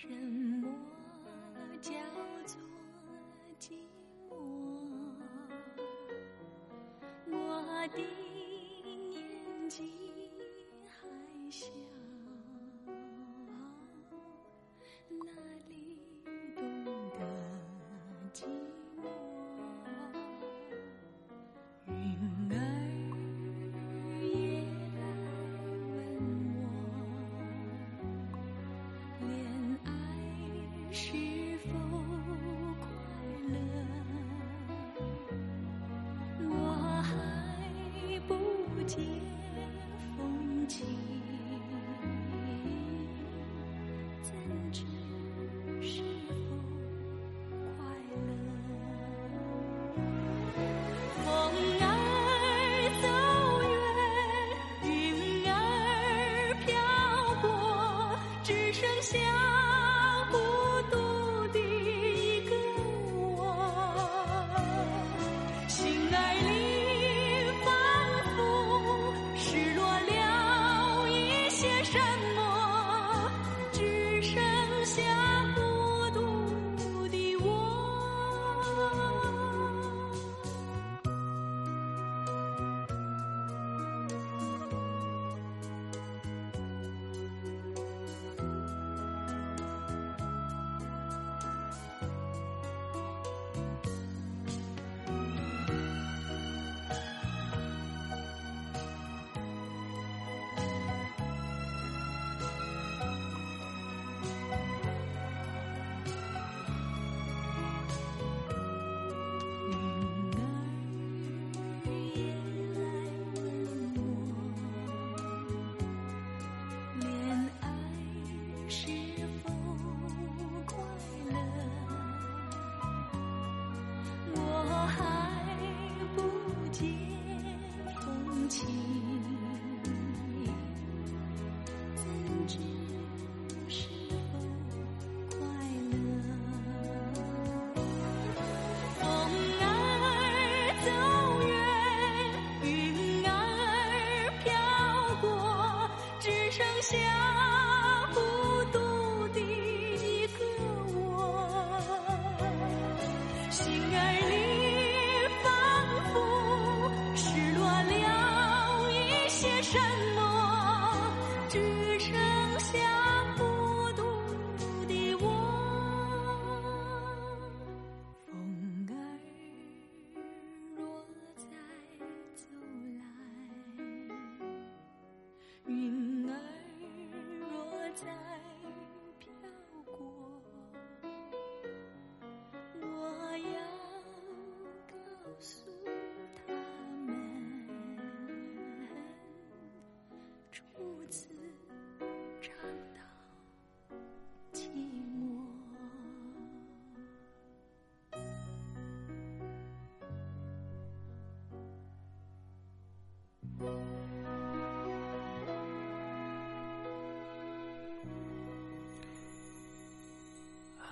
什麼叫做寂寞？我的。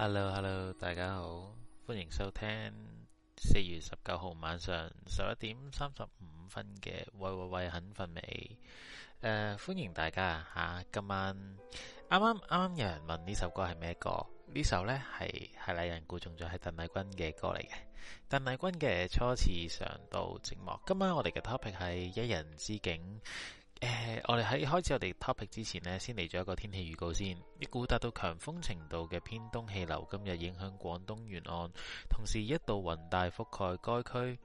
Hello Hello，大家好，歡迎收聽四月十九號晚上十一點三十五分嘅喂喂喂肯瞓未。誒、呃，歡迎大家吓、啊，今晚啱啱啱有人問呢首歌係咩歌？呢首呢係係麗人估中咗係鄧麗君嘅歌嚟嘅。鄧麗君嘅「初次上到寂寞」，今晚我哋嘅 topic 係一人之境。誒、呃，我哋喺開始我哋 topic 之前呢，先嚟咗一個天氣預告先。一股達到強風程度嘅偏東氣流今日影響廣東沿岸，同時一度雲帶覆蓋該區。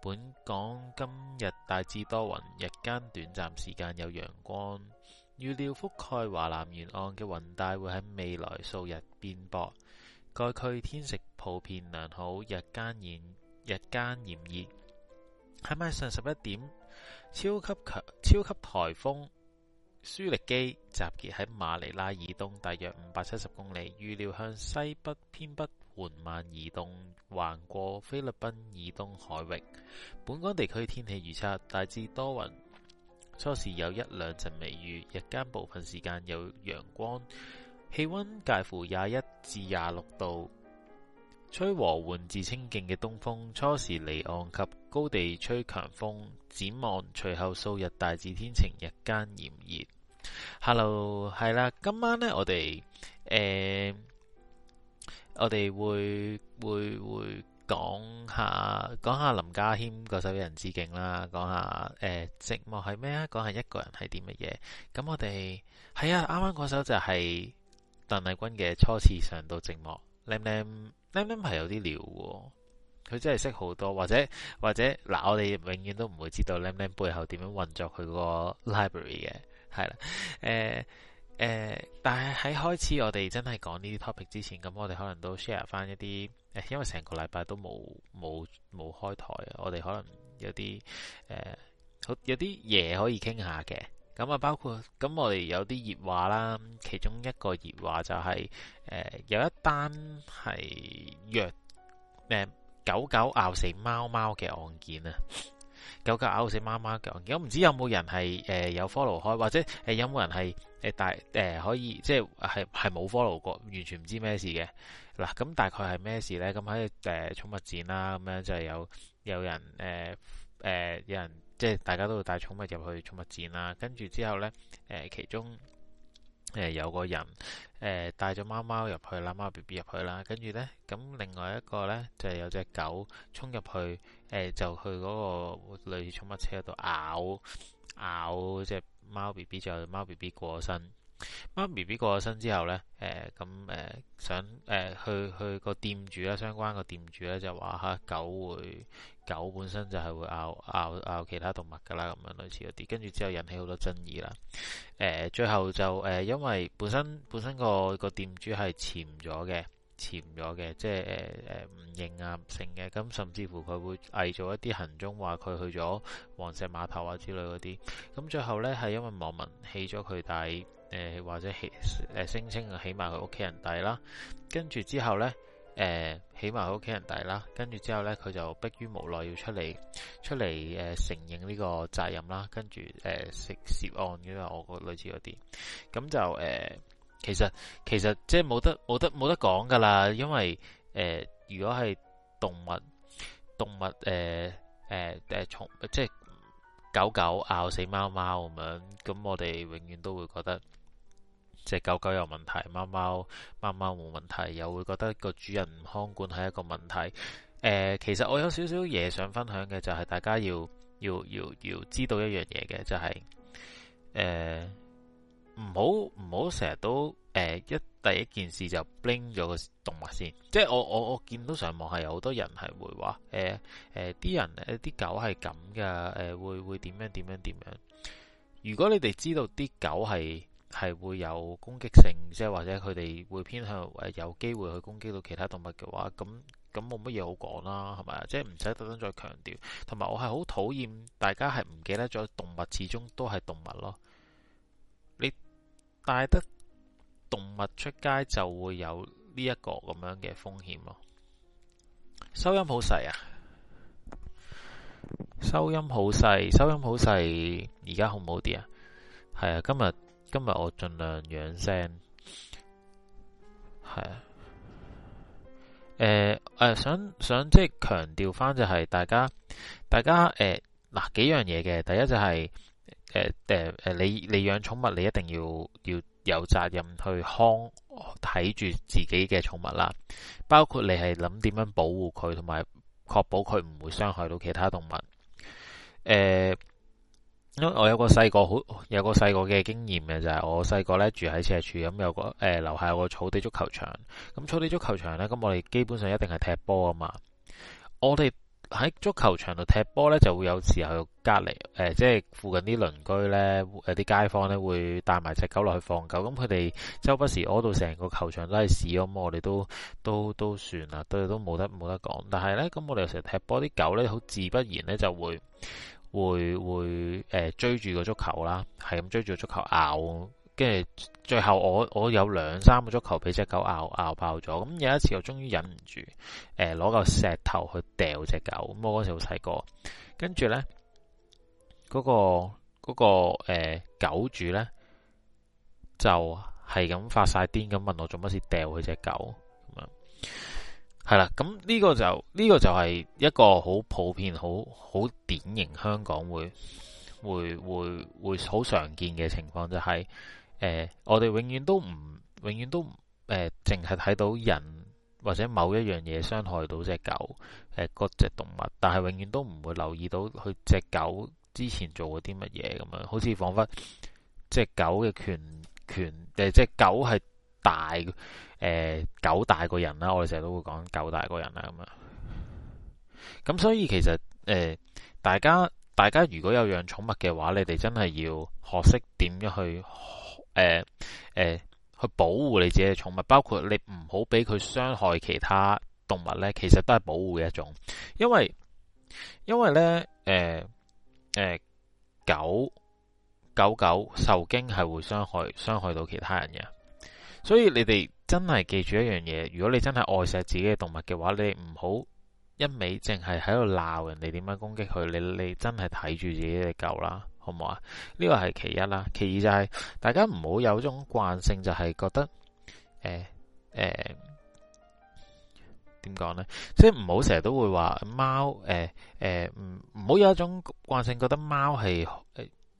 本港今日大致多雲，日間短暫時間有陽光。預料覆蓋華南沿岸嘅雲帶會喺未來數日變薄，該區天色普遍良好，日間炎日間炎熱。喺晚上十一點。超級強超級颱風舒力基集結喺馬尼拉以東大約五百七十公里，預料向西北偏北緩慢移動，橫過菲律賓以東海域。本港地區天氣預測大致多雲，初時有一兩陣微雨，日間部分時間有陽光，氣溫介乎廿一至廿六度，吹和緩至清勁嘅東風，初時離岸及。高地吹強風，展望隨後數日大致天晴，日間炎熱。Hello，係啦，今晚呢，我哋誒、呃，我哋會會會講下講下林家謙嗰首《一人之境》啦，講下誒、呃、寂寞係咩啊？講下一,一個人係啲乜嘢？咁我哋係啊，啱啱嗰首就係鄧麗君嘅《初次上到寂寞》喊喊，靚靚靚靚係有啲聊喎。佢真係識好多，或者或者嗱、呃，我哋永遠都唔會知道靚靚、嗯、背後點樣運作佢個 library 嘅，係啦，誒、呃、誒、呃，但係喺開始我哋真係講呢啲 topic 之前，咁我哋可能都 share 返一啲，誒，因為成個禮拜都冇冇冇開台，我哋可能有啲誒，好、呃、有啲嘢可以傾下嘅，咁啊，包括咁我哋有啲熱話啦，其中一個熱話就係、是、誒、呃、有一單係約誒、呃狗狗咬死貓貓嘅案件啊，狗狗咬死貓貓嘅案件，我唔知有冇人係誒、呃、有 follow 開，或者誒有冇人係誒大誒可以即係係係冇 follow 過，完全唔知咩事嘅。嗱，咁大概係咩事咧？咁喺誒寵物展啦，咁樣就係有有人誒誒、呃呃、有人即係大家都會帶寵物入去寵物展啦，跟住之後咧誒、呃、其中誒、呃、有個人。誒、呃、帶咗貓貓入去啦，貓 B B 入去啦，跟住呢，咁另外一個呢，就係、是、有隻狗衝入去，誒、呃、就去嗰個類似寵物車度咬咬隻貓 B B，就貓 B B 過身。媽咪 B 過咗身之後咧，誒、呃，咁、呃、誒，想誒、呃、去去個店主啦，相關個店主咧就話吓狗會狗本身就係會咬咬咬其他動物噶啦，咁樣類似嗰啲，跟住之後引起好多爭議啦。誒、呃，最後就誒、呃，因為本身本身個個店主係潛咗嘅，潛咗嘅，即係誒誒唔認啊，唔成嘅，咁甚至乎佢會偽造一啲行蹤，話佢去咗黃石碼頭啊之類嗰啲。咁最後咧係因為網民起咗佢，但係。誒、呃，或者起誒聲稱啊，起埋佢屋企人抵啦，跟住之後咧，誒起埋佢屋企人抵啦，跟住之後咧，佢就迫於無奈要出嚟出嚟誒、呃、承認呢個責任啦，跟住誒涉涉案嘅我個類似嗰啲，咁就誒、呃、其實其實即係冇得冇得冇得講噶啦，因為誒、呃、如果係動物動物誒誒誒從即係狗狗咬死貓貓咁樣，咁我哋永遠都會覺得。即係狗狗有問題，貓貓貓貓冇問題，又會覺得個主人唔看管係一個問題。誒、呃，其實我有少少嘢想分享嘅，就係、是、大家要要要要知道一樣嘢嘅，就係誒唔好唔好成日都誒、呃、一第一件事就 bling 咗個動物先。即係我我我見到上網係有好多人係會話，誒誒啲人誒啲狗係咁噶，誒、呃、會會點樣點樣點樣。如果你哋知道啲狗係。係會有攻擊性，即係或者佢哋會偏向，有機會去攻擊到其他動物嘅話，咁咁冇乜嘢好講啦，係咪啊？即係唔使特登再強調。同埋，我係好討厭大家係唔記得咗，動物始終都係動物咯。你帶得動物出街就會有呢一個咁樣嘅風險咯。收音好細啊！收音好細，收音好細。而家好唔好啲啊？係啊，今日。今日我盡量養聲，係誒誒，想想即係強調翻就係大家，大家誒嗱、呃、幾樣嘢嘅，第一就係誒誒誒，你你養寵物你一定要要有責任去看睇住自己嘅寵物啦，包括你係諗點樣保護佢，同埋確保佢唔會傷害到其他動物，誒、呃。因為我有個細個好、就是嗯、有個細個嘅經驗嘅就係我細個咧住喺赤柱，咁有個誒，樓下有個草地足球場咁、嗯、草地足球場咧咁、嗯、我哋基本上一定係踢波啊嘛，我哋喺足球場度踢波咧，就會有時候隔籬誒即係附近啲鄰居咧，有啲街坊咧會帶埋隻狗落去放狗，咁佢哋周不時屙到成個球場都係屎，咁我哋都都都算啦，都都冇得冇得講，但係咧咁我哋又成日踢波，啲狗咧好自不然咧就會。會會誒、呃、追住個足球啦，係咁追住個足球咬，跟住最後我我有兩三個足球俾隻狗咬咬爆咗，咁有一次我終於忍唔住，誒攞嚿石頭去掉隻狗，咁我嗰時好細個、那個，跟住咧嗰個嗰個誒、呃、狗主咧就係咁發晒癲咁問我做乜事掉佢隻狗咁樣。係啦，咁呢、嗯這個就呢、這個就係一個好普遍、好好典型香港會會會會好常見嘅情況，就係、是、誒、呃，我哋永遠都唔永遠都誒，淨係睇到人或者某一樣嘢傷害到隻狗誒，嗰、呃、隻動物，但係永遠都唔會留意到佢隻狗之前做過啲乜嘢咁樣，好似仿佛隻狗嘅權權誒，呃、隻狗係大。誒、呃，狗大過人啦，我哋成日都會講狗大過人啦，咁啊。咁所以其實誒、呃，大家大家如果有養寵物嘅話，你哋真係要學識點樣去誒誒、呃呃呃、去保護你自己嘅寵物，包括你唔好俾佢傷害其他動物呢。其實都係保護嘅一種，因為因為呢，誒、呃、誒、呃、狗狗狗受驚係會傷害傷害到其他人嘅，所以你哋。真係記住一樣嘢，如果你真係愛錫自己嘅動物嘅話，你唔好一味淨係喺度鬧人哋點樣攻擊佢，你你真係睇住自己隻狗啦，好唔好啊？呢個係其一啦，其二就係大家唔好有種慣性，就係覺得誒誒點講呢，即係唔好成日都會話貓誒誒唔唔好有一種慣性覺得貓係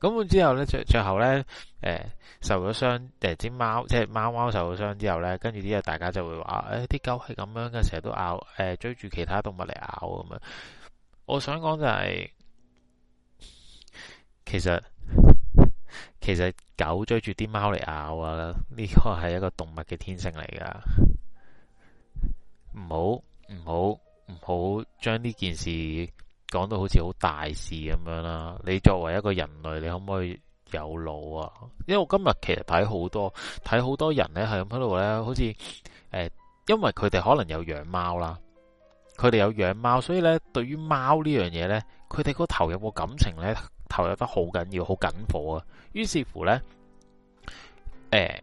咁之後呢，最最後呢，誒、欸，受咗傷，誒、欸，隻貓即係貓貓受咗傷之後呢，跟住之後大家就會話，誒、欸，啲狗係咁樣嘅，成日都咬，誒、欸，追住其他動物嚟咬咁樣。我想講就係，其實其實狗追住啲貓嚟咬啊，呢個係一個動物嘅天性嚟㗎，唔好唔好唔好將呢件事。講到好似好大事咁樣啦，你作為一個人類，你可唔可以有腦啊？因為我今日其實睇好多，睇好多人咧係咁喺度咧，好似誒、呃，因為佢哋可能有養貓啦，佢哋有養貓，所以咧對於貓呢樣嘢咧，佢哋個投入個感情咧，投入得好緊要，好緊火啊，於是乎咧，誒、呃。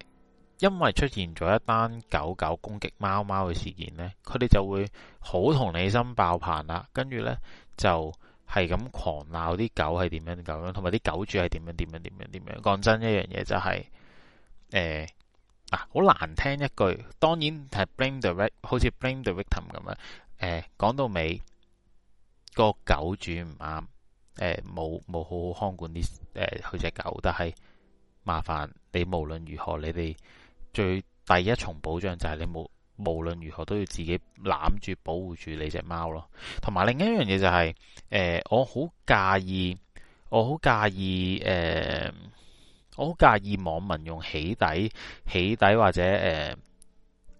因為出現咗一單狗狗攻擊貓貓嘅事件呢，佢哋就會好同理心爆棚啦，跟住呢，就係咁狂鬧啲狗係點樣點樣，同埋啲狗主係點樣點樣點樣點樣。講真，一樣嘢就係，誒，嗱，好難聽一句，當然係 blame the victim，好似 blame the victim 咁樣。誒，講到尾個狗主唔啱，誒，冇冇好好看管啲誒佢隻狗，但係麻煩你無論如何，你哋。最第一重保障就係你冇，無論如何都要自己攬住保護住你隻貓咯，同埋另一樣嘢就係、是，誒、呃，我好介意，我好介意，誒、呃，我好介意網民用起底、起底或者誒，誒、呃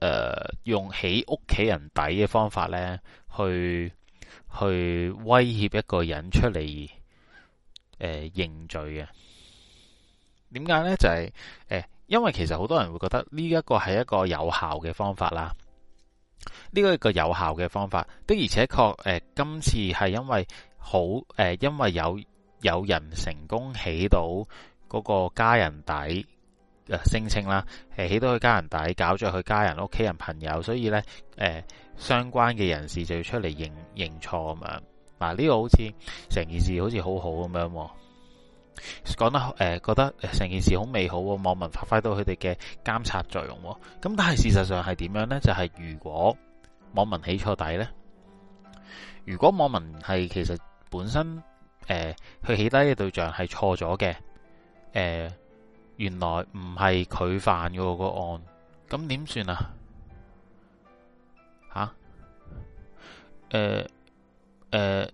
呃，用起屋企人底嘅方法咧，去去威脅一個人出嚟，誒、呃，認罪嘅。點解咧？就係、是，誒、呃。因為其實好多人會覺得呢一個係一個有效嘅方法啦，呢、這、一個有效嘅方法的而且確誒、呃，今次係因為好誒、呃，因為有有人成功起到嗰個家人底誒，聲稱啦，誒、呃、起到佢家人底，搞咗佢家人屋企人、人朋友，所以呢，誒、呃、相關嘅人士就要出嚟認認錯咁樣，嗱呢、這個好似成件事好似好好咁樣。講得誒、呃，覺得成件事好美好，網民發揮到佢哋嘅監察作用。咁但係事實上係點樣呢？就係、是、如果網民起錯底呢？如果網民係其實本身誒，佢、呃、起底嘅對象係錯咗嘅，誒、呃，原來唔係佢犯嘅、個案，咁點算啊？吓、呃？誒誒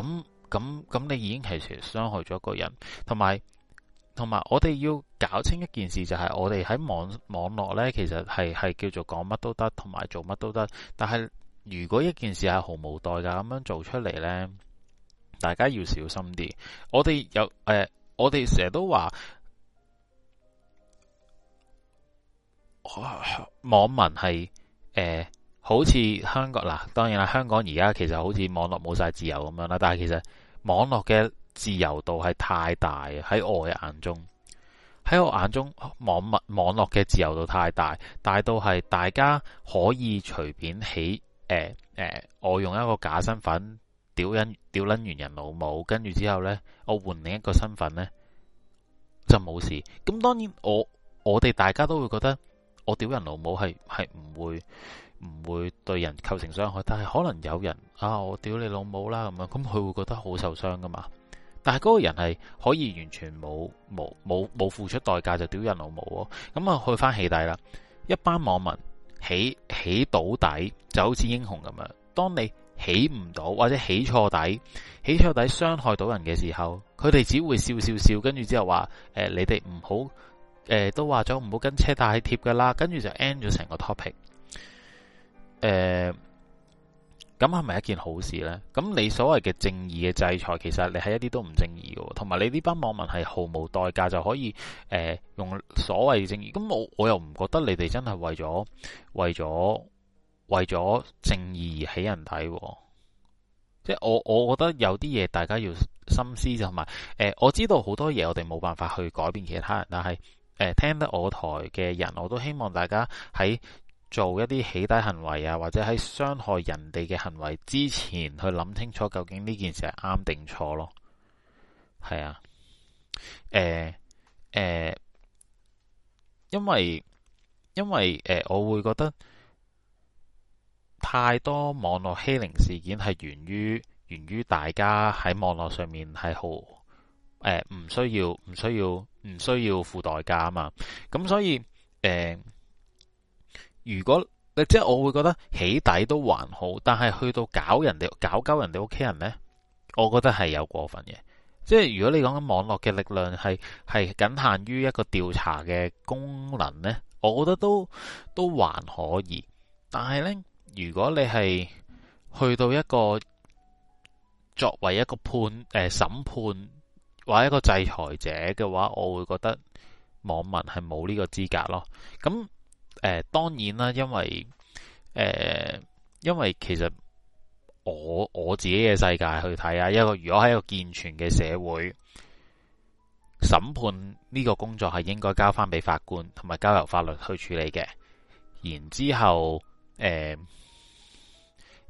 咁？咁咁，你已經係傷害咗一個人，同埋同埋，我哋要搞清一件事就，就係我哋喺網網絡咧，其實係係叫做講乜都得，同埋做乜都得。但係如果一件事係毫無代價咁樣做出嚟咧，大家要小心啲。我哋有誒、呃，我哋成日都話、哦、網民係誒、呃，好似香港嗱，當然啦，香港而家其實好似網絡冇晒自由咁樣啦，但係其實。網絡嘅自由度係太大，喺我嘅眼中，喺我眼中，網物網絡嘅自由度太大，大到係大家可以隨便起，誒、呃、誒、呃，我用一個假身份屌人屌撚完人老母，跟住之後呢，我換另一個身份呢，就冇事。咁當然我，我我哋大家都會覺得我屌人老母係係唔會。唔會對人構成傷害，但係可能有人啊，我屌你老母啦，咁樣，咁佢會覺得好受傷噶嘛。但係嗰個人係可以完全冇冇冇冇付出代價就屌人老母咁啊。去翻起底啦，一班網民起起到底就好似英雄咁樣。當你起唔到或者起錯底，起錯底傷害到人嘅時候，佢哋只會笑笑笑，跟住之後話誒、呃，你哋唔好誒，都話咗唔好跟車帶貼噶啦，跟住就 end 咗成個 topic。誒，咁係咪一件好事呢？咁你所謂嘅正義嘅制裁，其實你係一啲都唔正義嘅，同埋你呢班網民係毫無代價就可以誒、呃、用所謂正義。咁我我又唔覺得你哋真係為咗為咗為咗正義而起人睇，呃，即係我我覺得有啲嘢大家要深思，同埋誒我知道好多嘢我哋冇辦法去改變其他人，但係誒、呃、聽得我台嘅人，我都希望大家喺。做一啲起底行為啊，或者喺傷害人哋嘅行為之前，去諗清楚究竟呢件事係啱定錯咯。係啊，誒、欸、誒、欸，因為因為誒、欸，我會覺得太多網絡欺凌事件係源於源於大家喺網絡上面係好誒，唔需要唔需要唔需要付代價啊嘛。咁所以誒。欸如果即係我會覺得起底都還好，但係去到搞人哋搞鳩人哋屋企人咧，我覺得係有過分嘅。即係如果你講緊網絡嘅力量係係僅限於一個調查嘅功能咧，我覺得都都還可以。但係咧，如果你係去到一個作為一個判誒、呃、審判或者一個制裁者嘅話，我會覺得網民係冇呢個資格咯。咁、嗯。誒，當然啦，因為誒、呃，因為其實我我自己嘅世界去睇啊，一個如果喺一個健全嘅社會，審判呢個工作係應該交翻俾法官，同埋交由法律去處理嘅，然之後誒。呃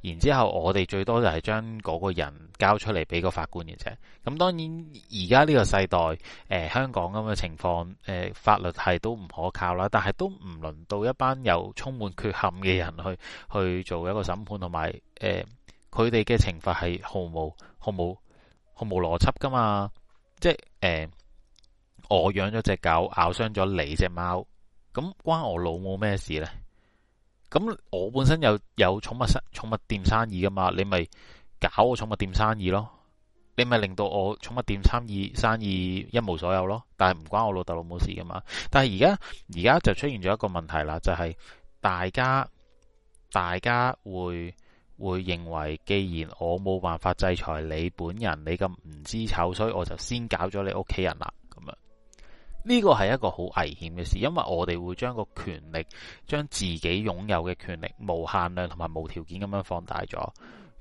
然之後，我哋最多就係將嗰個人交出嚟俾個法官嘅啫。咁當然而家呢個世代，誒、呃、香港咁嘅情況，誒、呃、法律係都唔可靠啦。但係都唔輪到一班有充滿缺陷嘅人去去做一個審判，同埋誒佢哋嘅懲罰係毫無毫無毫無邏輯㗎嘛。即係誒、呃、我養咗隻狗咬傷咗你隻貓，咁關我老母咩事呢？咁我本身有有寵物寵物店生意噶嘛，你咪搞我寵物店生意咯，你咪令到我寵物店生意生意一無所有咯，但係唔關我老豆老母事噶嘛。但係而家而家就出現咗一個問題啦，就係大家大家會會認為，既然我冇辦法制裁你本人，你咁唔知醜，所以我就先搞咗你屋企人啦。呢個係一個好危險嘅事，因為我哋會將個權力，將自己擁有嘅權力無限量同埋無條件咁樣放大咗。誒、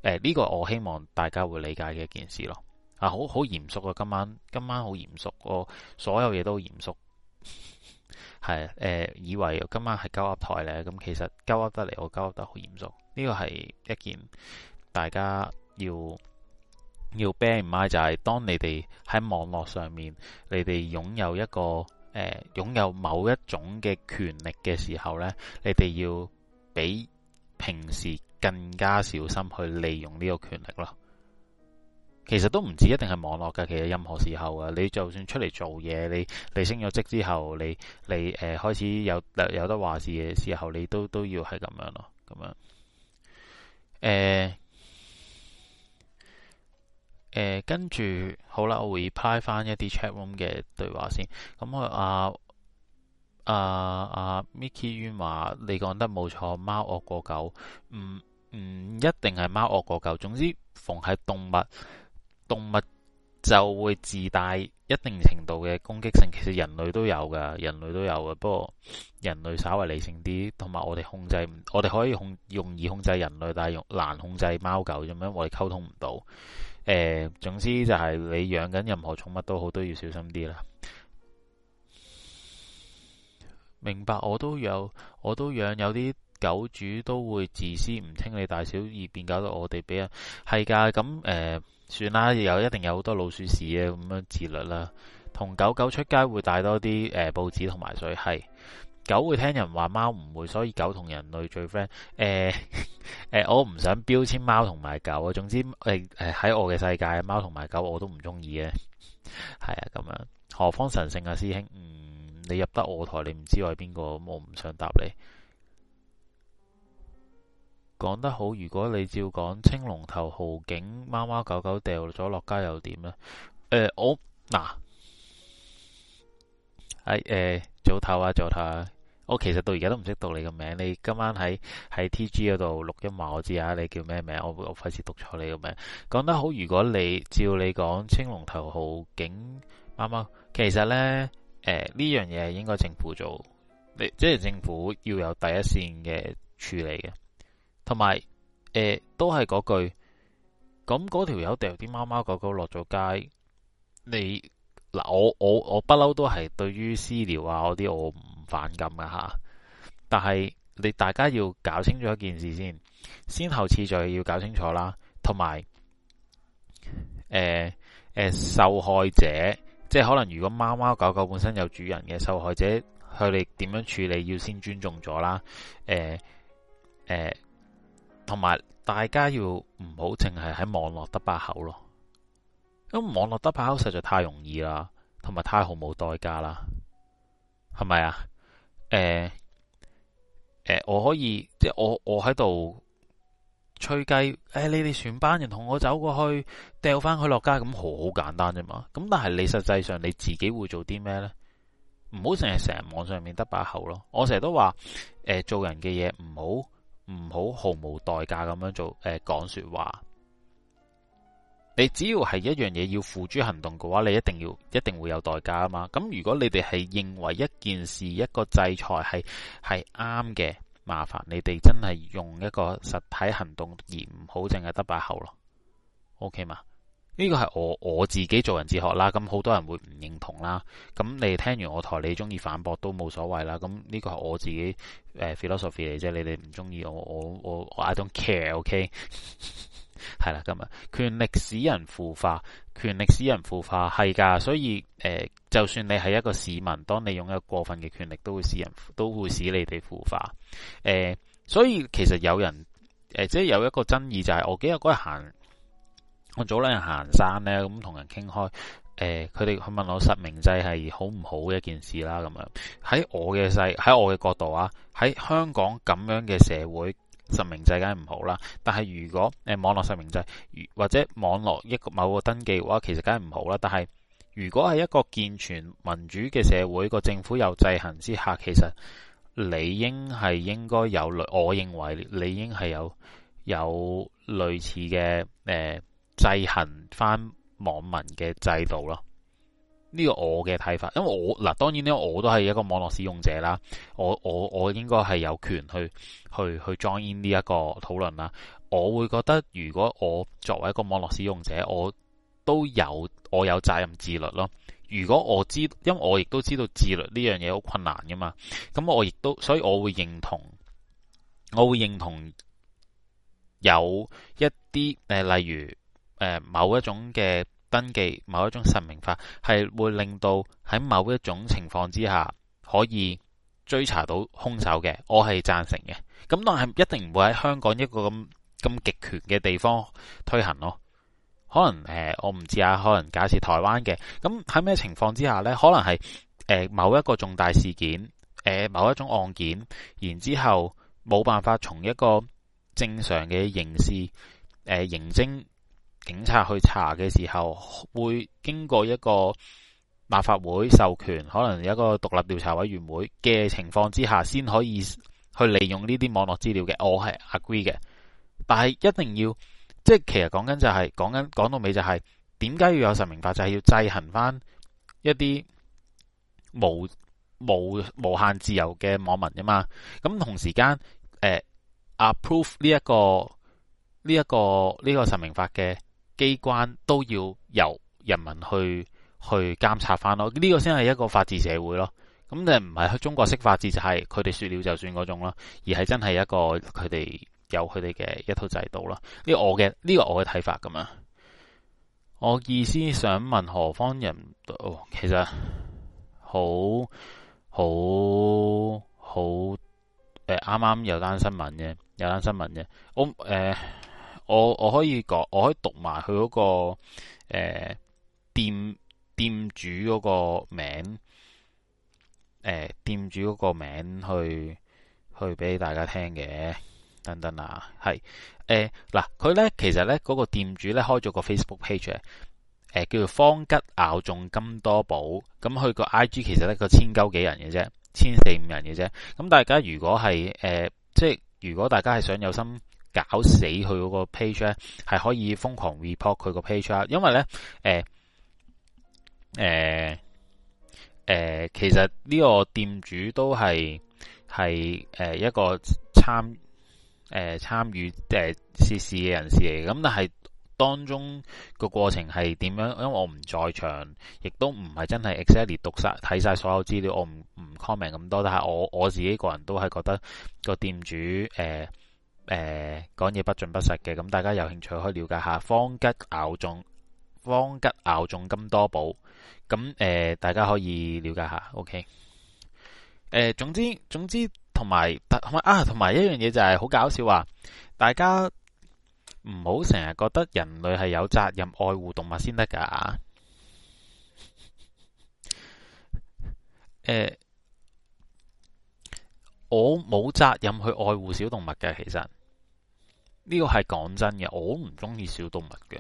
呃、呢、這個我希望大家會理解嘅一件事咯。啊，好好嚴肅啊，今晚今晚好嚴肅，我所有嘢都嚴肅。係 誒、呃，以為今晚係交壓台咧，咁其實交壓得嚟，我交壓得好嚴肅。呢、這個係一件大家要。要 bear in mind 就係當你哋喺網絡上面，你哋擁有一個誒、呃、擁有某一種嘅權力嘅時候呢，你哋要比平時更加小心去利用呢個權力咯。其實都唔止一定係網絡嘅，其實任何時候啊，你就算出嚟做嘢，你你升咗職之後，你你誒、呃、開始有有有得話事嘅時候，你都都要係咁樣咯，咁樣誒。呃呃、跟住好啦，我會拍翻一啲 chat room 嘅對話先。咁我阿阿 Micky Yuen 話：你講得冇錯，貓惡過狗，唔、嗯、唔、嗯、一定係貓惡過狗。總之，逢係動物，動物就會自帶一定程度嘅攻擊性。其實人類都有噶，人類都有噶，不過人類稍為理性啲，同埋我哋控制唔，我哋可以控容易控制人類，但係用難控制貓狗。咁樣我哋溝通唔到。誒、呃，總之就係你養緊任何寵物都好，都要小心啲啦。明白，我都有，我都養有啲狗主都會自私，唔清理大小二便，而變搞到我哋俾人係噶。咁誒、呃，算啦，又一定有好多老鼠屎嘅咁樣自律啦。同狗狗出街會帶多啲誒、呃、報紙同埋水係。狗會聽人話，貓唔會，所以狗同人類最 friend。誒、欸、誒、欸，我唔想標籤貓同埋狗啊。總之，誒、欸、喺、欸、我嘅世界，貓同埋狗我都唔中意嘅。係啊，咁樣何方神聖啊，師兄？嗯，你入得我台，你唔知我係邊個，我唔想答你。講得好，如果你照講，青龍頭豪景貓貓狗狗掉咗落街又點咧？誒、欸，我嗱，誒早唞啊，早唞。啊。我其實到而家都唔識讀你個名。你今晚喺喺 TG 嗰度錄音話我知啊，你叫咩名？我我費事讀錯你個名。講得好，如果你照你講，青龍頭號警貓貓，其實呢，誒、呃、呢樣嘢應該政府做，即係政府要有第一線嘅處理嘅，同埋誒都係嗰句咁，嗰條友掉啲貓貓狗狗落咗街，你嗱、呃、我我我、啊、我，我不嬲都係對於私聊啊嗰啲我唔。反感噶吓，但係你大家要搞清楚一件事先，先後次序要搞清楚啦，同埋誒誒受害者，即係可能如果貓貓狗狗,狗本身有主人嘅受害者，佢哋點樣處理要先尊重咗啦，誒、呃、誒，同、呃、埋大家要唔好淨係喺網絡得把口咯，咁網絡得把口實在太容易啦，同埋太毫無代價啦，係咪啊？誒、呃呃、我可以即係我我喺度吹雞，誒、呃、你哋全班人同我走過去掉翻佢落街，咁好簡單啫嘛。咁但係你實際上你自己會做啲咩呢？唔好成日成網上面得把口咯。我成日都話、呃，做人嘅嘢，唔好唔好毫無代價咁樣做，誒、呃、講說話。你只要係一樣嘢要付諸行動嘅話，你一定要一定會有代價啊嘛！咁如果你哋係認為一件事，一件事，一個制裁係係啱嘅，麻煩你哋真係用一個實體行動而唔好淨係得把口咯。OK 嘛？呢個係我我自己做人哲學啦。咁好多人會唔認同啦。咁你聽完我台，你中意反駁都冇所謂啦。咁呢個係我自己誒、呃、philosophy 嚟啫。你哋唔中意我我我，I don't care。OK。係啦，咁啊，權力使人腐化，權力使人腐化係噶所以誒、呃，就算你係一個市民，當你擁有過分嘅權力，都會使人，都會使你哋腐化。誒、呃，所以其實有人誒、呃，即係有一個爭議就係、是，我今日嗰日行，我早兩日行山咧，咁同人傾開，誒、呃，佢哋去問我實名制係好唔好嘅一件事啦，咁樣喺我嘅世喺我嘅角度啊，喺香港咁樣嘅社會。實名制梗係唔好啦，但係如果誒、呃、網絡實名制，或者網絡一個某個登記嘅話，其實梗係唔好啦。但係如果係一個健全民主嘅社會，個政府有制衡之下，其實理應係應該有類，我認為理應係有有類似嘅誒、呃、制衡翻網民嘅制度咯。呢個我嘅睇法，因為我嗱當然呢，我都係一個網絡使用者啦。我我我應該係有權去去去 join 呢一個討論啦。我會覺得，如果我作為一個網絡使用者，我都有我有責任自律咯。如果我知，因為我亦都知道自律呢樣嘢好困難㗎嘛。咁我亦都，所以我會認同，我會認同有一啲誒、呃，例如、呃、某一種嘅，登記某一種實名法係會令到喺某一種情況之下可以追查到兇手嘅，我係贊成嘅。咁但係一定唔會喺香港一個咁咁極權嘅地方推行咯。可能誒、呃，我唔知啊。可能假設台灣嘅。咁喺咩情況之下呢？可能係誒、呃、某一個重大事件誒、呃、某一種案件，然之後冇辦法從一個正常嘅刑事誒、呃、刑偵。警察去查嘅時候，會經過一個立法會授權，可能有一個獨立調查委員會嘅情況之下，先可以去利用呢啲網絡資料嘅。我係 agree 嘅，但係一定要即係，其實講緊就係、係、講緊講，講到尾就係點解要有實名法？就係、係、要制衡翻一啲無無無限自由嘅網民啊嘛。咁、嗯、同時間誒、呃、approve 呢、呢、一個呢一、呢個呢、呢個實名、呢個、法嘅。機關都要由人民去去監察返咯，呢、這個先係一個法治社會咯。咁誒唔係中國式法治就係佢哋說了就算嗰種咯，而係真係一個佢哋有佢哋嘅一套制度咯。呢個我嘅呢個我嘅睇、這個、法咁嘛。我意思想問何方人？哦、其實好好好啱啱有單新聞嘅，有單新聞嘅，我、哦、誒。呃我我可以講，我可以讀埋佢嗰個誒、呃、店店主嗰個名，誒、呃、店主嗰個名去去俾大家聽嘅，等等啊，係誒嗱佢咧其實咧嗰、嗰個店主咧開咗個 Facebook page，誒、呃、叫做方吉咬中金多寶，咁佢個 IG 其實一個千九幾人嘅啫，千四五人嘅啫，咁大家如果係誒、呃、即係如果大家係想有心搞死佢嗰個 page 咧，係可以瘋狂 report 佢個 page 因為咧，誒、呃，誒、呃，誒、呃，其實呢個店主都係係誒一個參誒、呃、參與誒、呃、涉事嘅人士嚟嘅。咁但係當中個過程係點樣？因為我唔在場，亦都唔係真係 exactly 讀晒睇晒所有資料，我唔唔 comment 咁多。但係我我自己個人都係覺得個店主誒。呃誒，講嘢、呃、不盡不實嘅，咁大家有興趣可以了解下，方吉咬中，方吉咬中金多寶，咁誒，大家可以了解下，OK、呃。誒，總之總之同埋啊，同埋一樣嘢就係好搞笑話，大家唔好成日覺得人類係有責任愛護動物先得㗎。啊呃我冇責任去愛護小動物嘅，其實呢個係講真嘅，我唔中意小動物嘅，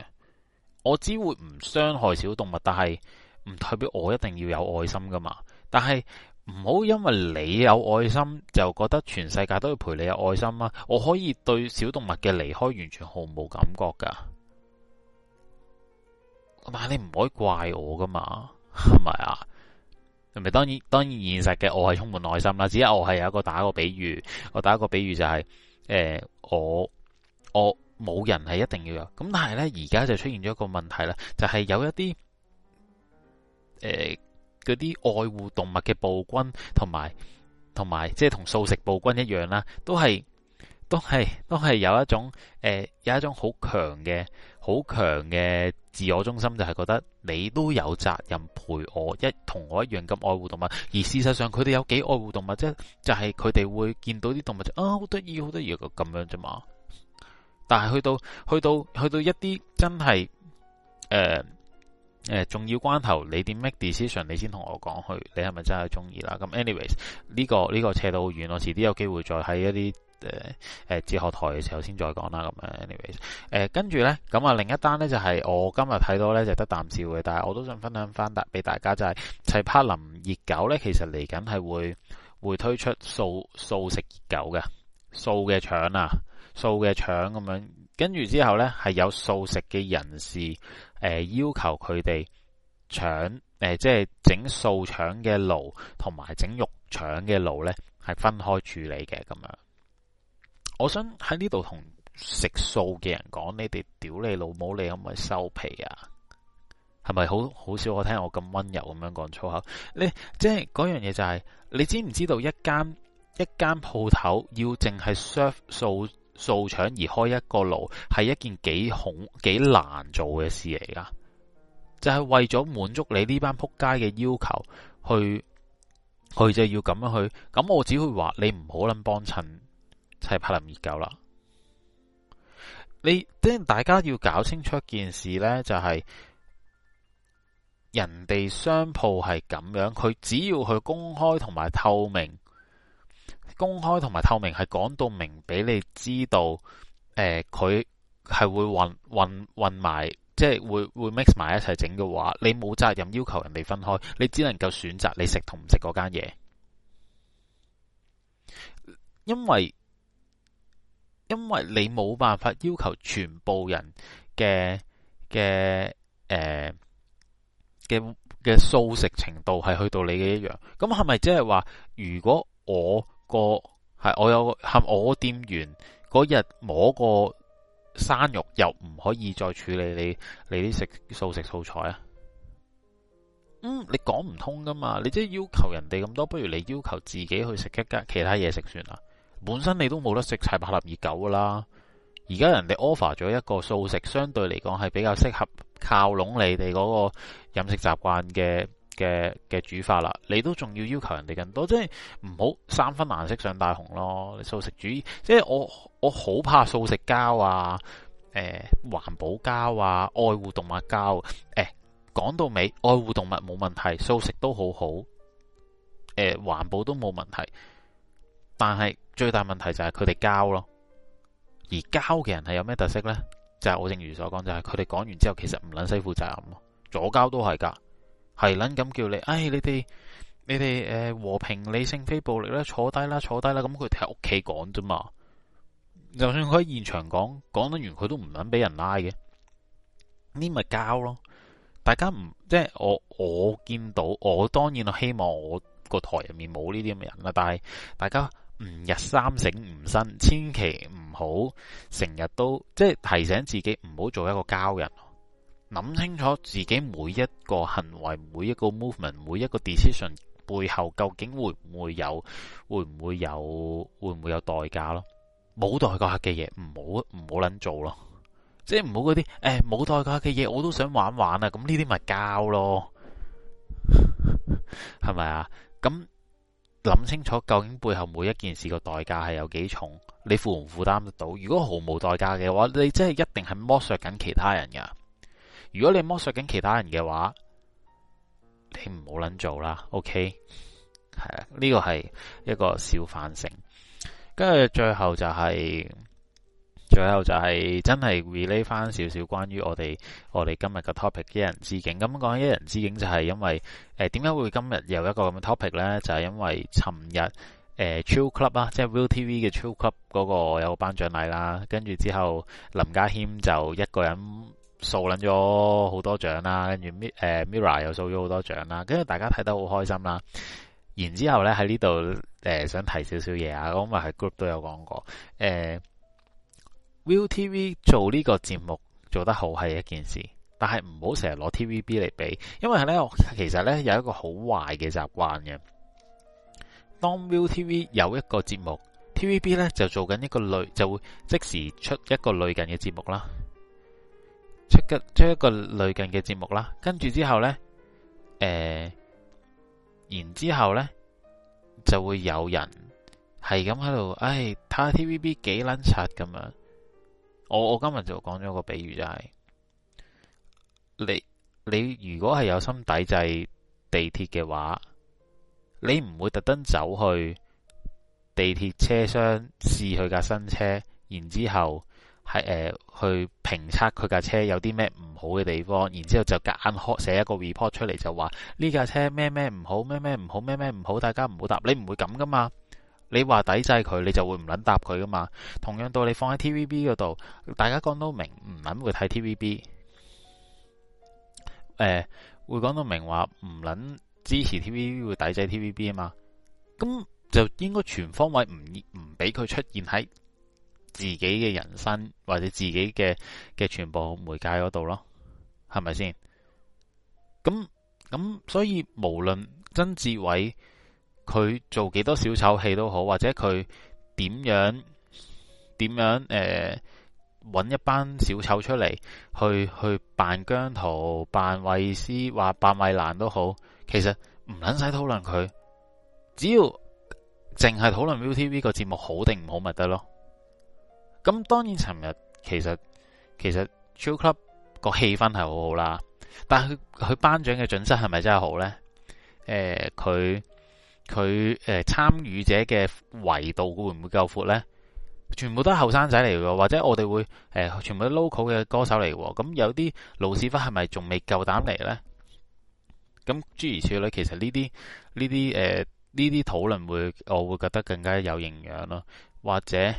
我只會唔傷害小動物，但係唔代表我一定要有愛心噶嘛。但係唔好因為你有愛心，就覺得全世界都要陪你有愛心啊！我可以對小動物嘅離開完全毫無感覺噶，但係你唔可以怪我噶嘛，係咪啊？係咪？當然當然現實嘅我係充滿耐心啦，只係我係有一個打一個比喻，我打一個比喻就係、是，誒、呃、我我冇人係一定要有，咁但係咧而家就出現咗一個問題啦，就係、是、有一啲，誒嗰啲愛護動物嘅暴君，同埋同埋即係同素食暴君一樣啦，都係都係都係有一種誒、呃、有一種好強嘅好強嘅。自我中心就係覺得你都有責任陪我一同我一樣咁愛護動物，而事實上佢哋有幾愛護動物啫？就係佢哋會見到啲動物就啊好得意好得意咁樣啫嘛。但係去到去到去到一啲真係誒誒重要關頭，你點 make decision？你先同我講去，你係咪真係中意啦？咁 anyways 呢個呢個扯得好遠咯，我遲啲有機會再喺一啲。誒誒，哲學、呃、台嘅時候先再講啦。咁樣，anyways，誒，跟住咧，咁啊、呃，另一單咧就係、是、我今日睇到咧，就得啖笑嘅。但係我都想分享翻，大俾大家就係，齊柏林熱狗咧，其實嚟緊係會會推出素素食熱狗嘅素嘅腸啊，素嘅腸咁樣。跟住之後咧，係有素食嘅人士誒、呃，要求佢哋腸誒，即係整素腸嘅爐，同埋整肉腸嘅爐咧，係分開處理嘅咁樣。我想喺呢度同食素嘅人講，你哋屌你老母，你可唔可以收皮啊？係咪好好少？我聽我咁温柔咁樣講粗口。你即係嗰樣嘢就係、是，你知唔知道一間一間鋪頭要淨係 serve 素素腸而開一個爐，係一件幾恐幾難做嘅事嚟噶？就係、是、為咗滿足你呢班撲街嘅要求，去去就要咁樣去。咁我只會話你唔好諗幫襯。就係柏林熱狗啦。你等大家要搞清楚一件事呢就係、係、人哋商鋪係咁樣，佢只要佢公開同埋透明，公開同埋透明係講到明俾你知道，佢、呃、係會，會，會混混埋，即係會會 mix 埋一齊整嘅話，你冇責任要求人哋分開，你只能夠選擇你食同唔食嗰間嘢，因為。因為你冇辦法要求全部人嘅嘅誒嘅嘅素食程度係去到你嘅一樣，咁係咪即係話，如果我個係我有係我店員嗰日摸個生肉又唔可以再處理你你啲食素食素菜啊？嗯，你講唔通㗎嘛？你即係要求人哋咁多，不如你要求自己去食一間其他嘢食算啦。本身你都冇得食柴白臘二狗噶啦，而家人哋 offer 咗一個素食，相對嚟講係比較適合靠攏你哋嗰個飲食習慣嘅嘅嘅煮法啦。你都仲要要求人哋更多，即係唔好三分顏色上大紅咯。素食主義，即係我我好怕素食膠啊，誒、呃、環保膠啊，愛護動物膠誒，講、呃、到尾愛護動物冇問題，素食都好好，誒、呃、環保都冇問題。但係最大問題就係佢哋交咯，而交嘅人係有咩特色呢？就係、是、我正如所講，就係佢哋講完之後，其實唔撚使負責任咯，左交都係噶，係撚咁叫你，哎，你哋你哋誒、呃、和平理性非暴力咧，坐低啦，坐低啦，咁佢哋喺屋企講啫嘛。就算佢喺現場講講得完，佢都唔撚俾人拉嘅，呢咪交咯。大家唔即係我我見到，我當然我希望我個台入面冇呢啲咁嘅人啦，但係大家。吾日三省吾身，千祈唔好成日都即係提醒自己唔好做一個膠人。諗清楚自己每一個行為、每一個 movement、每一個 decision 背後究竟會唔會有、會唔會有、會唔會有代價咯？冇代價嘅嘢唔好唔好捻做咯，即係唔好嗰啲誒冇代價嘅嘢我都想玩玩啊！咁呢啲咪膠咯，係 咪啊？咁。諗清楚究竟背後每一件事個代價係有幾重，你負唔負擔得到？如果毫無代價嘅話，你真係一定係剝削緊其他人噶。如果你剝削緊其他人嘅話，你唔好撚做啦。OK，係啊，呢個係一個小反省。跟住最後就係、是。最後就係真係 relate 翻少少關於我哋我哋今日嘅 topic 一人之境。咁講一人之境就係因為誒點解會今日有一個咁嘅 topic 呢？就係、是、因為尋日誒、呃、Chill Club 啊，即係 ViuTV 嘅 Chill Club 嗰、那個有個頒獎禮啦，跟、啊、住之後林家謙就一個人掃捻咗好多獎啦，跟、啊、住 Mi 誒 Mirror 又掃咗好多獎啦，跟、啊、住大家睇得好開心啦、啊。然之後咧喺呢度誒、呃、想提少少嘢啊，咁啊喺 group 都有講過誒。啊 ViuTV 做呢個節目做得好係一件事，但係唔好成日攞 TVB 嚟比，因為咧，我其實咧有一個好壞嘅習慣嘅。當 ViuTV 有一個節目，TVB 咧就做緊一個類，就會即時出一個類近嘅節目啦，出個出一個類近嘅節目啦。跟住之後咧，誒、呃，然之後咧就會有人係咁喺度，唉、哎，睇下 TVB 幾捻柒咁樣。我我今日就講咗個比喻就係、是，你你如果係有心抵制地鐵嘅話，你唔會特登走去地鐵車廂試佢架新車，然之後係誒、呃、去評測佢架車有啲咩唔好嘅地方，然之後就夾硬寫一個 report 出嚟，就話呢架車咩咩唔好，咩咩唔好，咩咩唔好，大家唔好搭，你唔會咁噶嘛。你話抵制佢，你就會唔捻答佢噶嘛？同樣道理，你放喺 TVB 嗰度，大家講到明，唔捻會睇 TVB，誒、呃，會講到明話唔捻支持 TVB 會抵制 TVB 啊嘛？咁就應該全方位唔唔俾佢出現喺自己嘅人生或者自己嘅嘅全部媒介嗰度咯，係咪先？咁咁，所以無論曾志偉。佢做幾多小丑戲都好，或者佢點樣點樣誒，揾、呃、一班小丑出嚟去去扮姜濤、扮衛詩或扮衛蘭都好。其實唔撚使討論佢，只要淨係討論 ViuTV 個節目好定唔好咪得咯。咁當然，尋日其實其實 Chill Club 個氣氛係好好啦，但係佢佢頒獎嘅準則係咪真係好咧？誒、呃，佢。佢誒、呃、參與者嘅圍度會唔會夠闊呢？全部都係後生仔嚟喎，或者我哋會誒、呃、全部都 local 嘅歌手嚟喎。咁、嗯、有啲老屎忽係咪仲未夠膽嚟呢？咁、嗯、諸如此類，其實呢啲呢啲誒呢啲討論會，我會覺得更加有營養咯。或者誒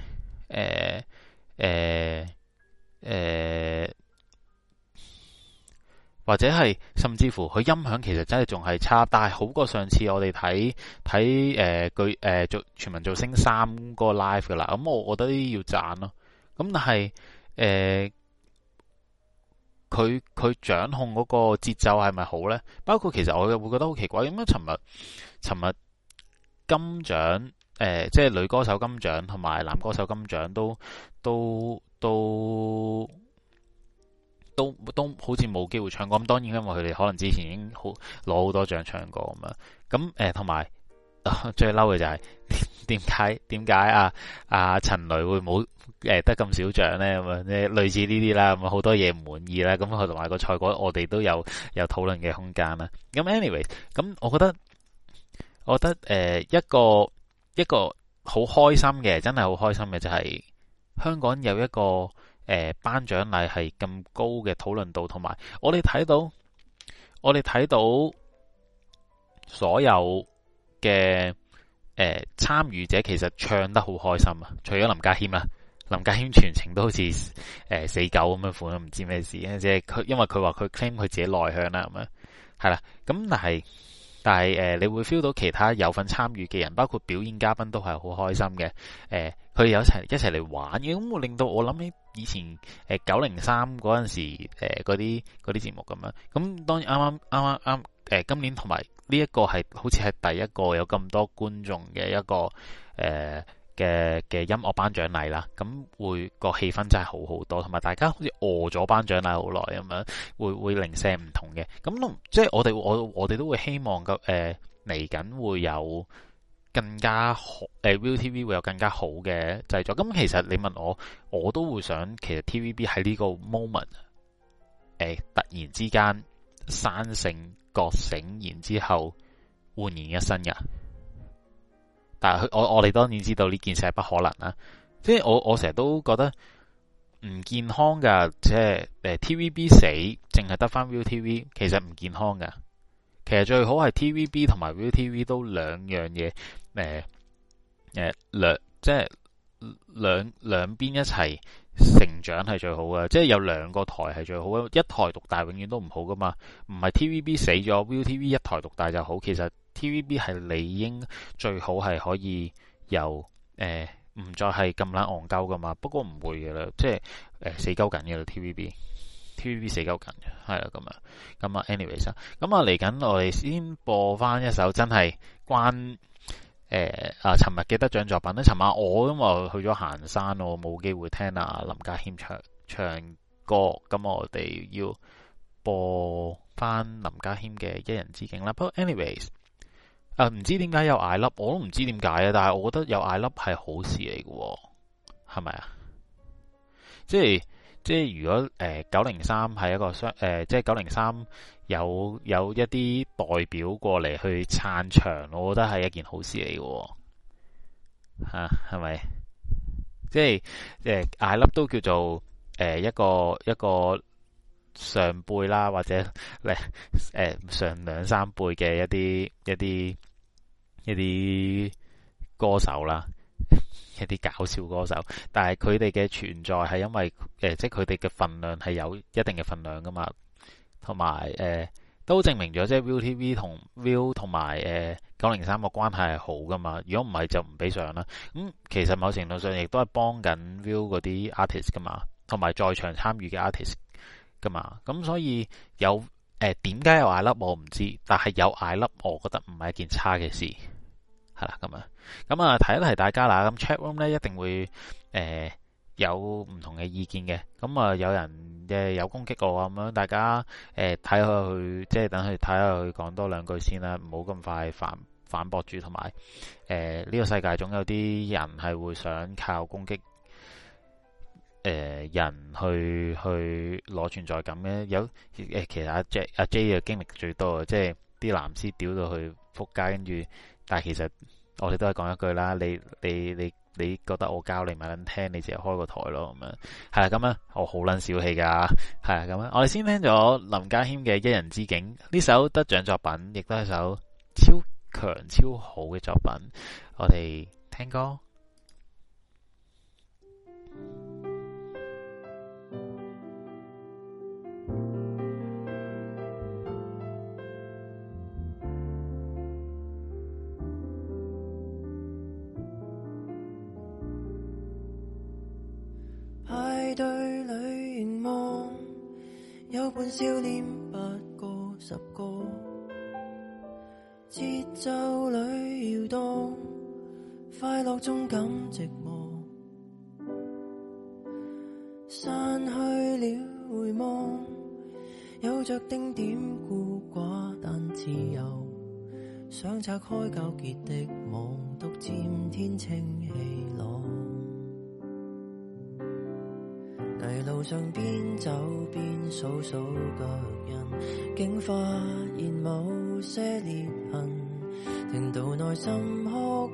誒、呃呃呃呃或者係甚至乎佢音響其實真係仲係差，但係好過上次我哋睇睇誒佢誒做全民造星三個 live 噶啦，咁、嗯、我我覺得要讚咯、啊。咁但係誒佢佢掌控嗰個節奏係咪好呢？包括其實我又會覺得好奇怪。咁樣，尋日尋日金獎誒、呃，即係女歌手金獎同埋男歌手金獎都都都。都都都都好似冇機會唱歌，咁當然因為佢哋可能之前已經好攞好多獎唱歌咁樣，咁誒同埋最嬲嘅就係點解點解啊阿陳雷會冇誒、欸、得咁少獎呢？咁樣咧？類似呢啲啦，咁好多嘢唔滿意啦，咁佢同埋個賽果我哋都有有討論嘅空間啦。咁 anyway，咁我覺得我覺得誒、呃、一個一個好開心嘅，真係好開心嘅就係、是、香港有一個。誒，頒獎禮係咁高嘅討論度，同埋我哋睇到，我哋睇到所有嘅誒參與者，其實唱得好開心啊！除咗林家謙啊，林家謙全程都好似誒死狗咁嘅款，唔知咩事。即係佢，因為佢話佢 claim 佢自己內向啦，係咪？係啦，咁但係但係誒、呃，你會 feel 到其他有份參與嘅人，包括表演嘉賓，都係好開心嘅。誒、呃。佢有一齊一齊嚟玩嘅，咁會令到我諗起以前誒九零三嗰陣時誒嗰啲嗰啲節目咁樣，咁、嗯、當然啱啱啱啱誒今年同埋呢一個係好似係第一個有咁多觀眾嘅一個誒嘅嘅音樂頒獎禮啦，咁、嗯、會個氣氛真係好好多，同埋大家好似餓咗頒獎禮好耐咁樣，會會零舍唔同嘅，咁、嗯、即係我哋我我哋都會希望咁誒嚟緊會有。更加好，誒、呃、Viu TV 會有更加好嘅製作。咁、嗯、其實你問我，我都會想，其實 TVB 喺呢個 moment，呃、突然之間山醒覺醒，然之後煥然一新嘅。但係我我哋當然知道呢件事係不可能啦。即係我我成日都覺得唔健康噶，即、就、係、是、誒、呃、TVB 死，淨係得返 Viu TV，其實唔健康噶。其實最好係 TVB 同埋 Viu TV 都兩樣嘢。誒誒、呃呃、兩即係兩兩邊一齊成長係最好嘅，即係有兩個台係最好嘅，一台獨大永遠都唔好噶嘛，唔係 TVB 死咗 ViuTV 一台獨大就好，其實 TVB 係理應最好係可以由誒唔再係咁撚戇鳩噶嘛，不過唔會嘅啦，即係誒、呃、死鳩緊嘅啦，TVB TVB 死鳩緊嘅係啦，咁樣咁啊，anyways，咁啊嚟緊我哋先播返一首真係關。誒，啊，尋日記得獎作品啦。尋晚我因為啊去咗行山，我冇機會聽啊林家謙唱唱歌。咁我哋要播翻林家謙嘅《一人之境》啦。不過，anyways，啊，唔知點解有艾粒，我都唔知點解啊。但係我覺得有艾粒係好事嚟嘅，係咪啊？即係。即係如果誒九零三係一個商誒、呃，即係九零三有有一啲代表過嚟去撐場，我覺得係一件好事嚟嘅。吓，係、啊、咪？即係誒，艾、呃、粒都叫做誒、呃、一個一個上輩啦，或者誒誒、呃、上兩三輩嘅一啲一啲一啲歌手啦。一啲搞笑歌手，但係佢哋嘅存在係因為，誒、呃，即係佢哋嘅份量係有一定嘅份量噶嘛，同埋誒都證明咗，即係 ViuTV 同 Viu 同埋誒九零三個關係係好噶嘛，如果唔係就唔俾上啦。咁、嗯、其實某程度上亦都係幫緊 Viu 啲 artist 噶嘛，同埋在場參與嘅 artist 噶嘛，咁、嗯、所以有誒點解有 I love 我唔知，但係有 I love 我覺得唔係一件差嘅事。咁啊，咁啊提一提大家啦。咁 chat room 咧，一定會誒、呃、有唔同嘅意見嘅。咁啊、呃，有人嘅、呃、有攻擊過啊，咁樣大家誒睇、呃、下佢，即係等佢睇下佢講多兩句先啦。唔好咁快反反駁住，同埋誒呢個世界總有啲人係會想靠攻擊誒、呃、人去去攞存在感嘅。有誒，其實阿 J 阿 J 嘅經歷最多啊，即係啲藍絲屌到去仆街，跟住但係其實。我哋都係講一句啦，你你你你覺得我教你咪捻聽，你就開個台咯，咁樣，係啊咁樣，我好捻小氣噶，係啊咁樣，我哋先聽咗林家謙嘅一人之境呢首得獎作品，亦都係首超強超好嘅作品，我哋聽歌。隊裏凝望，有半笑臉，八個十個。節奏裏搖動，快樂中感寂寞。散去了回望，有着丁點孤寡，但自由。想拆開糾結的網，獨佔天清氣。喺路上邊走邊數數腳印，竟發現某些裂痕。聽到內心，學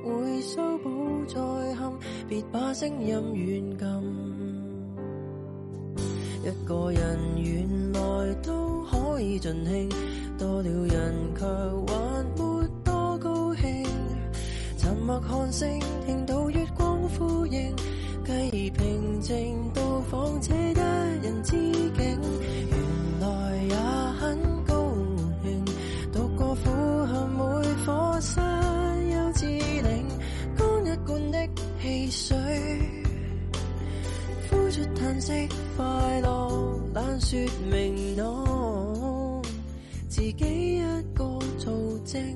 會修補再陷，別把聲音軟禁。一個人原來都可以盡興，多了人卻還沒多高興。沉默看星，聽到月光呼應。平靜到訪這一人之境，原來也很高興。獨個俯瞰每座山、幽致嶺，乾一罐的汽水，呼出嘆息，快樂懶說明朗，自己一個做證。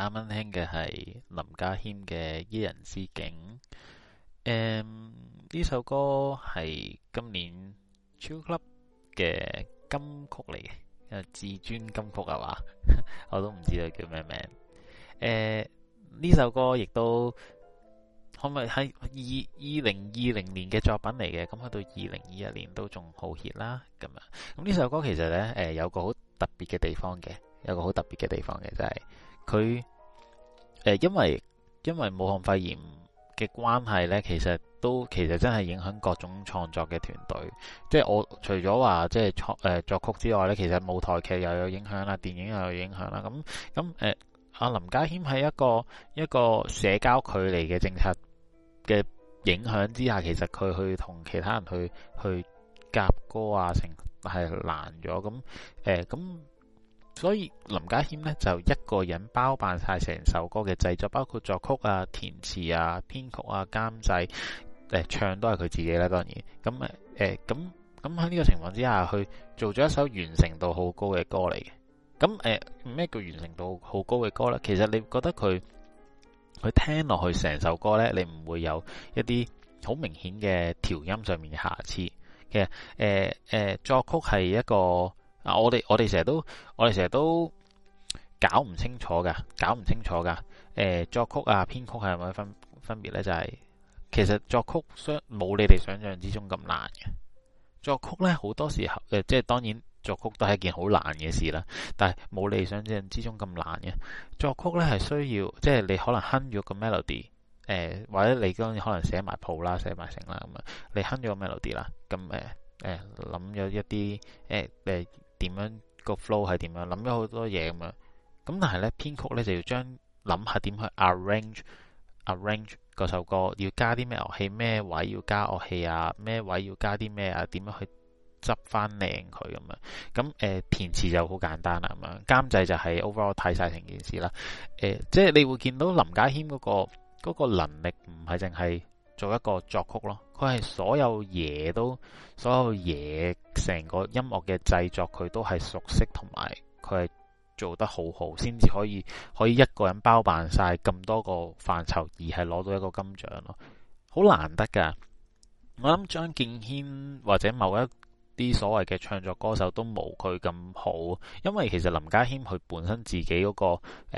啱啱聽嘅係林家謙嘅《一人之境》。嗯，誒呢首歌係今年 Chill Club 嘅金曲嚟嘅，誒至尊金曲話 啊。嘛？我都唔知道叫咩名。誒呢首歌亦都可唔可以喺二二零二零年嘅作品嚟嘅，咁、嗯、去到二零二一年都仲好 hit 啦咁樣。咁、嗯、呢首歌其實咧，誒有個好特別嘅地方嘅，有個好特別嘅地方嘅就係、是。佢誒、呃，因為因為武漢肺炎嘅關係咧，其實都其實真係影響各種創作嘅團隊。即係我除咗話即係創誒作曲之外咧，其實舞台劇又有影響啦，電影又有影響啦。咁咁誒，阿、呃、林家謙喺一個一個社交距離嘅政策嘅影響之下，其實佢去同其他人去去夾歌啊，成係難咗。咁誒咁。呃所以林家謙咧就一個人包辦晒成首歌嘅製作，包括作曲啊、填詞啊、編曲啊、監製誒，唱都係佢自己啦，當然咁誒誒咁咁喺呢個情況之下佢做咗一首完成度好高嘅歌嚟嘅。咁誒咩叫完成度好高嘅歌咧？其實你覺得佢佢聽落去成首歌咧，你唔會有一啲好明顯嘅調音上面嘅瑕疵。其實誒誒、呃呃呃、作曲係一個。啊！我哋我哋成日都我哋成日都搞唔清楚㗎，搞唔清楚㗎。誒、呃、作曲啊，編曲係咪分分別咧？就係、是、其實作曲相冇你哋想像之中咁難嘅。作曲咧好多時候誒、呃，即係當然作曲都係一件好難嘅事啦。但係冇你想像之中咁難嘅。作曲咧係需要即係你可能哼咗個 melody，誒、呃、或者你可能寫埋譜啦，寫埋成啦咁啊。你哼咗個 melody 啦，咁誒誒諗咗一啲誒誒。呃呃呃點樣個 flow 係點樣諗咗好多嘢，咁樣咁，但係咧編曲咧就要將諗下點去 arrange arrange 嗰首歌，要加啲咩樂器，咩位要加樂器啊，咩位要加啲咩啊，點樣去執翻靚佢咁樣咁誒，填詞就好簡單啦，咁樣監製就係 overall 睇晒成件事啦誒、呃，即係你會見到林家謙嗰個嗰個能力唔係淨係。做一個作曲咯，佢係所有嘢都，所有嘢成個音樂嘅製作，佢都係熟悉同埋佢係做得好好，先至可以可以一個人包辦晒咁多個範疇，而係攞到一個金獎咯，好難得噶。我諗張敬軒或者某一啲所謂嘅唱作歌手都冇佢咁好，因為其實林家謙佢本身自己嗰、嗰個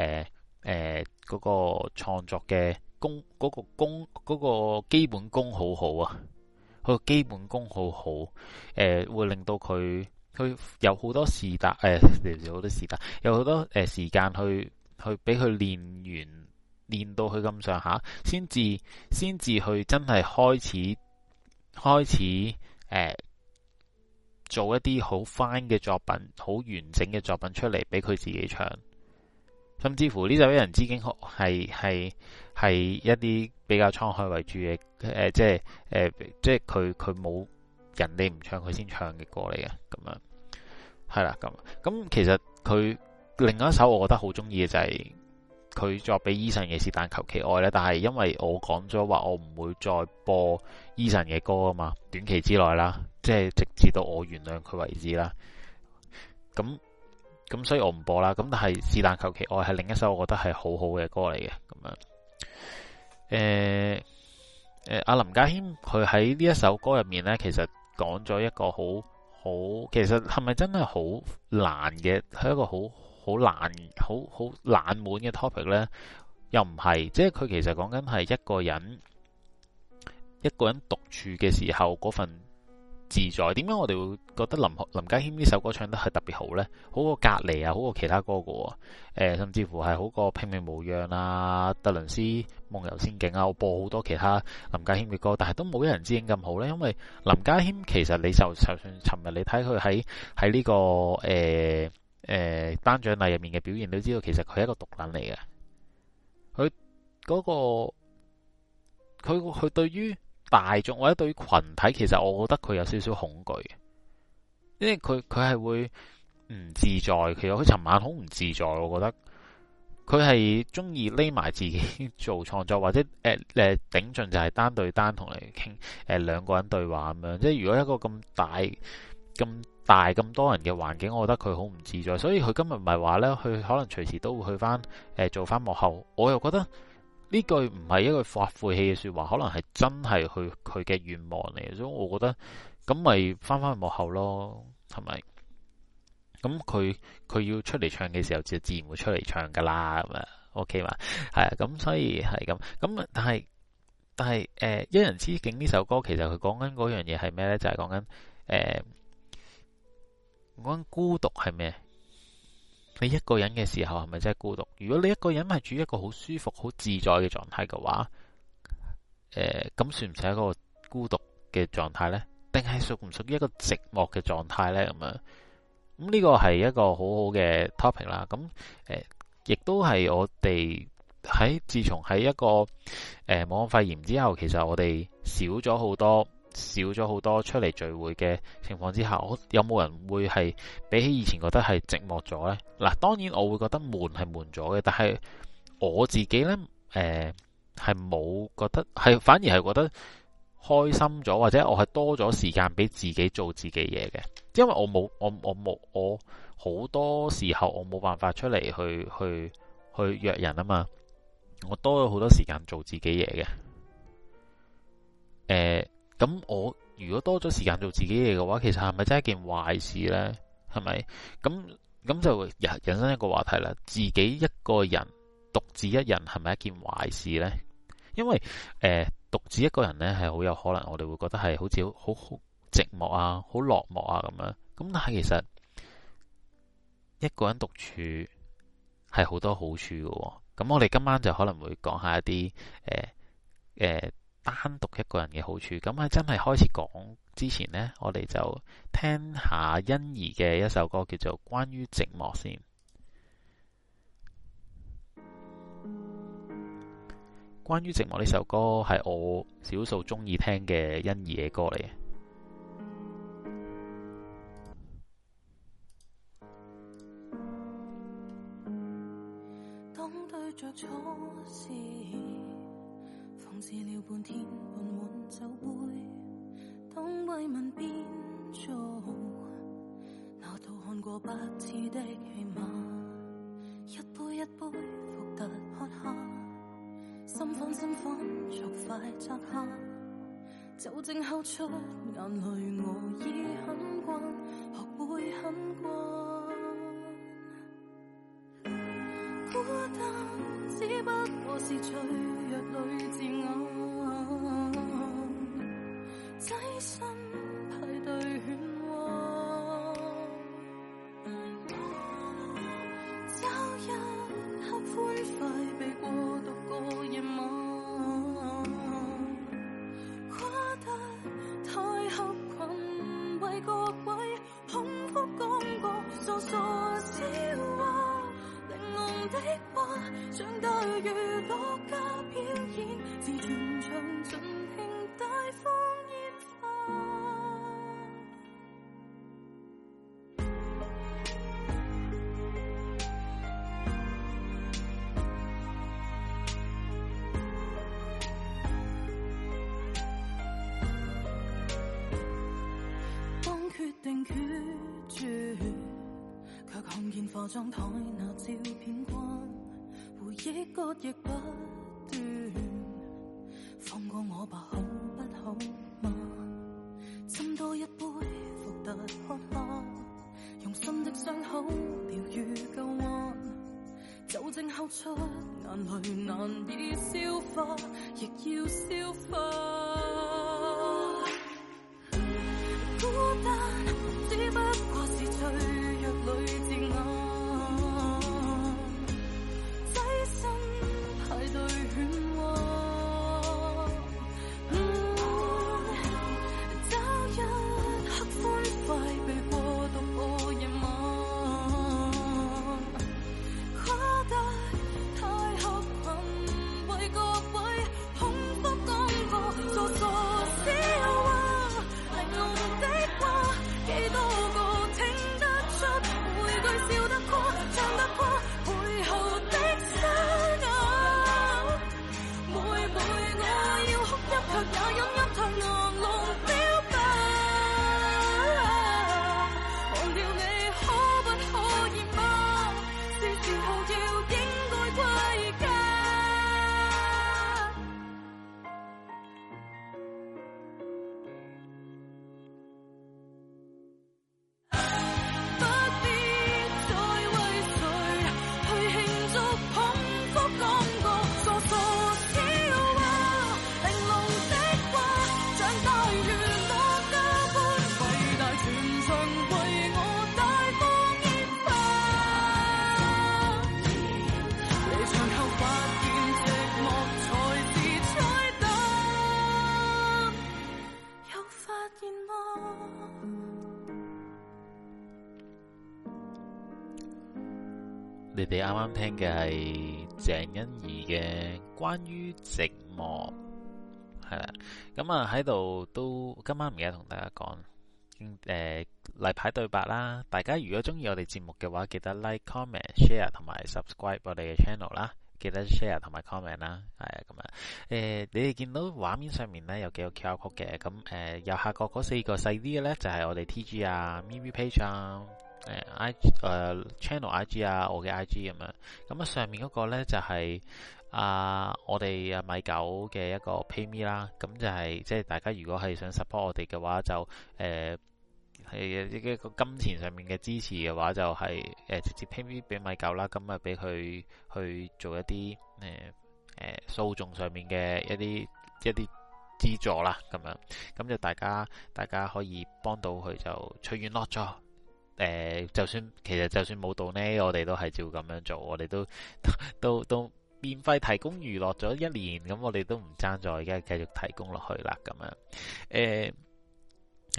誒誒嗰個創作嘅。功嗰、那個功、那個基本功好好啊，佢基本功好好，誒、呃、會令到佢佢有好多事達誒，有好多、呃、時達，有好多誒時間去去俾佢練完練到佢咁上下，先至先至去真係開始開始誒、呃、做一啲好 fine 嘅作品，好完整嘅作品出嚟俾佢自己唱，甚至乎呢首《一人之境》係係。係一啲比較滄海為主嘅，誒、呃，即係，誒、呃，即係佢佢冇人哋唔唱佢先唱嘅歌嚟嘅，咁樣係啦，咁，咁其實佢另一首我覺得好中意嘅就係佢作俾 Eason 嘅是但求其愛咧，但係因為我講咗話我唔會再播 Eason 嘅歌啊嘛，短期之內啦，即係直至到我原諒佢為止啦，咁咁所以我唔播啦，咁但係是但求其愛係另一首我覺得係好好嘅歌嚟嘅，咁樣。誒阿、欸、林家謙佢喺呢一首歌入面呢，其實講咗一個好好，其實係咪真係好難嘅？係一個好好難、好好冷門嘅 topic 呢，又唔係，即係佢其實講緊係一個人一個人獨處嘅時候嗰份。自在。點解我哋會覺得林林家謙呢首歌唱得係特別好呢？好過隔籬啊，好過其他歌嘅喎。誒、呃，甚至乎係好過拼命無恙啊，倫《特倫斯夢遊仙境啊。我播好多其他林家謙嘅歌，但係都冇一人之境咁好呢？因為林家謙其實你就，就算尋日你睇佢喺喺呢個誒誒頒獎禮入面嘅表現，你都知道其實佢係一個毒撚嚟嘅。佢嗰、嗰個佢佢對於。大眾或者對群體，其實我覺得佢有少少恐懼，因為佢佢係會唔自在。其實佢尋晚好唔自在，我覺得佢係中意匿埋自己做創作，或者誒誒頂盡就係單對單同你傾，誒、呃、兩個人對話咁樣。即係如果一個咁大咁大咁多人嘅環境，我覺得佢好唔自在。所以佢今日唔係話呢，佢可能隨時都會去翻誒做翻幕後。我又覺得。呢句唔係一句發晦氣嘅說話，可能係真係佢佢嘅願望嚟，所以我覺得咁咪翻翻去幕後咯，係咪？咁佢佢要出嚟唱嘅時候，就自然會出嚟唱噶啦，咁樣 OK 嘛？係啊，咁、嗯、所以係咁，咁、嗯、但係但係誒，呃《一人之境》呢首歌，其實佢講緊嗰樣嘢係咩咧？就係講緊誒，講、呃、緊孤獨係咩？你一個人嘅時候係咪真係孤獨？如果你一個人係處於一個好舒服、好自在嘅狀態嘅話，誒、呃，咁算唔算一個孤獨嘅狀態呢？定係屬唔屬於一個寂寞嘅狀態呢？咁啊，咁呢個係一個好好嘅 topic 啦。咁誒、呃，亦都係我哋喺自從喺一個誒、呃，武漢肺炎之後，其實我哋少咗好多。少咗好多出嚟聚會嘅情況之下，我有冇人會係比起以前覺得係寂寞咗呢？嗱，當然我會覺得悶係悶咗嘅，但係我自己呢，誒係冇覺得係，反而係覺得開心咗，或者我係多咗時間俾自己做自己嘢嘅，因為我冇我我冇我好多時候我冇辦法出嚟去去去約人啊嘛，我多咗好多時間做自己嘢嘅，誒、呃。咁我如果多咗時間做自己嘢嘅話，其實係咪真係一件壞事呢？係咪？咁咁就引引申一個話題啦。自己一個人獨自一人，係咪一件壞事呢？因為誒、呃，獨自一個人呢，係好有可能，我哋會覺得係好似好好寂寞啊，好落寞啊咁樣。咁但係其實一個人獨處係好多好處嘅、哦。咁我哋今晚就可能會講下一啲誒。呃呃單獨一個人嘅好處，咁喺真係開始講之前呢，我哋就聽下欣宜嘅一首歌，叫做《關於寂寞》先。關於寂寞呢首歌係我少數中意聽嘅欣宜嘅歌嚟嘅。當對着錯事試了半天，半滿酒杯，當慰問變做那套看過百次的戲碼，一杯一杯伏特喝下，心慌心慌，就快摘下，酒精後出眼淚，我已很慣，學會很慣，孤單。只不過是脆弱裏自我決絕，卻看見化妝台那照片光，回憶割亦不斷。放過我吧，好不好嗎？斟多一杯伏特加，用心的傷口療愈舊患，我酒精敲出眼淚，難以消化，亦要消。啱啱聽嘅係鄭欣宜嘅關於寂寞，係啦，咁啊喺度都今晚唔記得同大家講，誒例牌對白啦。大家如果中意我哋節目嘅話，記得 like、comment、share 同埋 subscribe 我哋嘅 channel 啦。記得 share 同埋 comment 啦，係啊咁啊。誒、呃，你哋見到畫面上面咧有幾個 QR code 嘅，咁誒、呃、右下角嗰四個細啲嘅咧就係我哋 TG 啊、MiMi Page 啊。誒，I 誒 channel I G 啊，我嘅 I G 咁樣，咁啊上面嗰個咧就係阿我哋阿米九嘅一個 pay me 啦，咁就係即係大家如果係想 support 我哋嘅話就誒係一個金錢上面嘅支持嘅話就係誒直接 pay me 俾米九啦，咁啊俾佢去做一啲誒誒訴訟上面嘅一啲一啲資助啦，咁樣咁就大家大家可以幫到佢就隨緣咯，咗。誒、呃，就算其實就算冇到呢，我哋都係照咁樣做。我哋都都都，都免費提供娛樂咗一年，咁我哋都唔爭在，而家繼續提供落去啦。咁樣誒、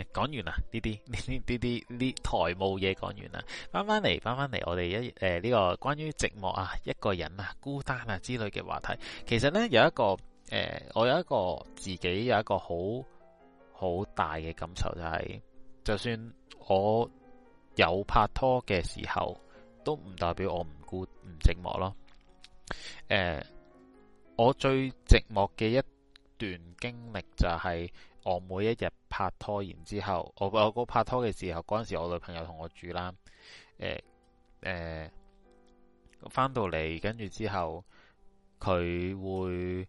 呃，講完啦，呢啲呢啲呢啲呢台務嘢講完啦，翻翻嚟翻翻嚟，我哋一誒呢、呃呢個關於寂寞啊，一個人啊孤單啊之類嘅話題，其實呢，有一個誒、呃，我有一個自己有一個好好大嘅感受，就係、是、就算我。有拍拖嘅時候，都唔代表我唔孤唔寂寞咯。誒、呃，我最寂寞嘅一段經歷就係、是、我每一日拍拖，然之後我我拍拖嘅時候，嗰陣時我女朋友同我住啦。誒、呃、誒，翻、呃、到嚟，跟住之後，佢會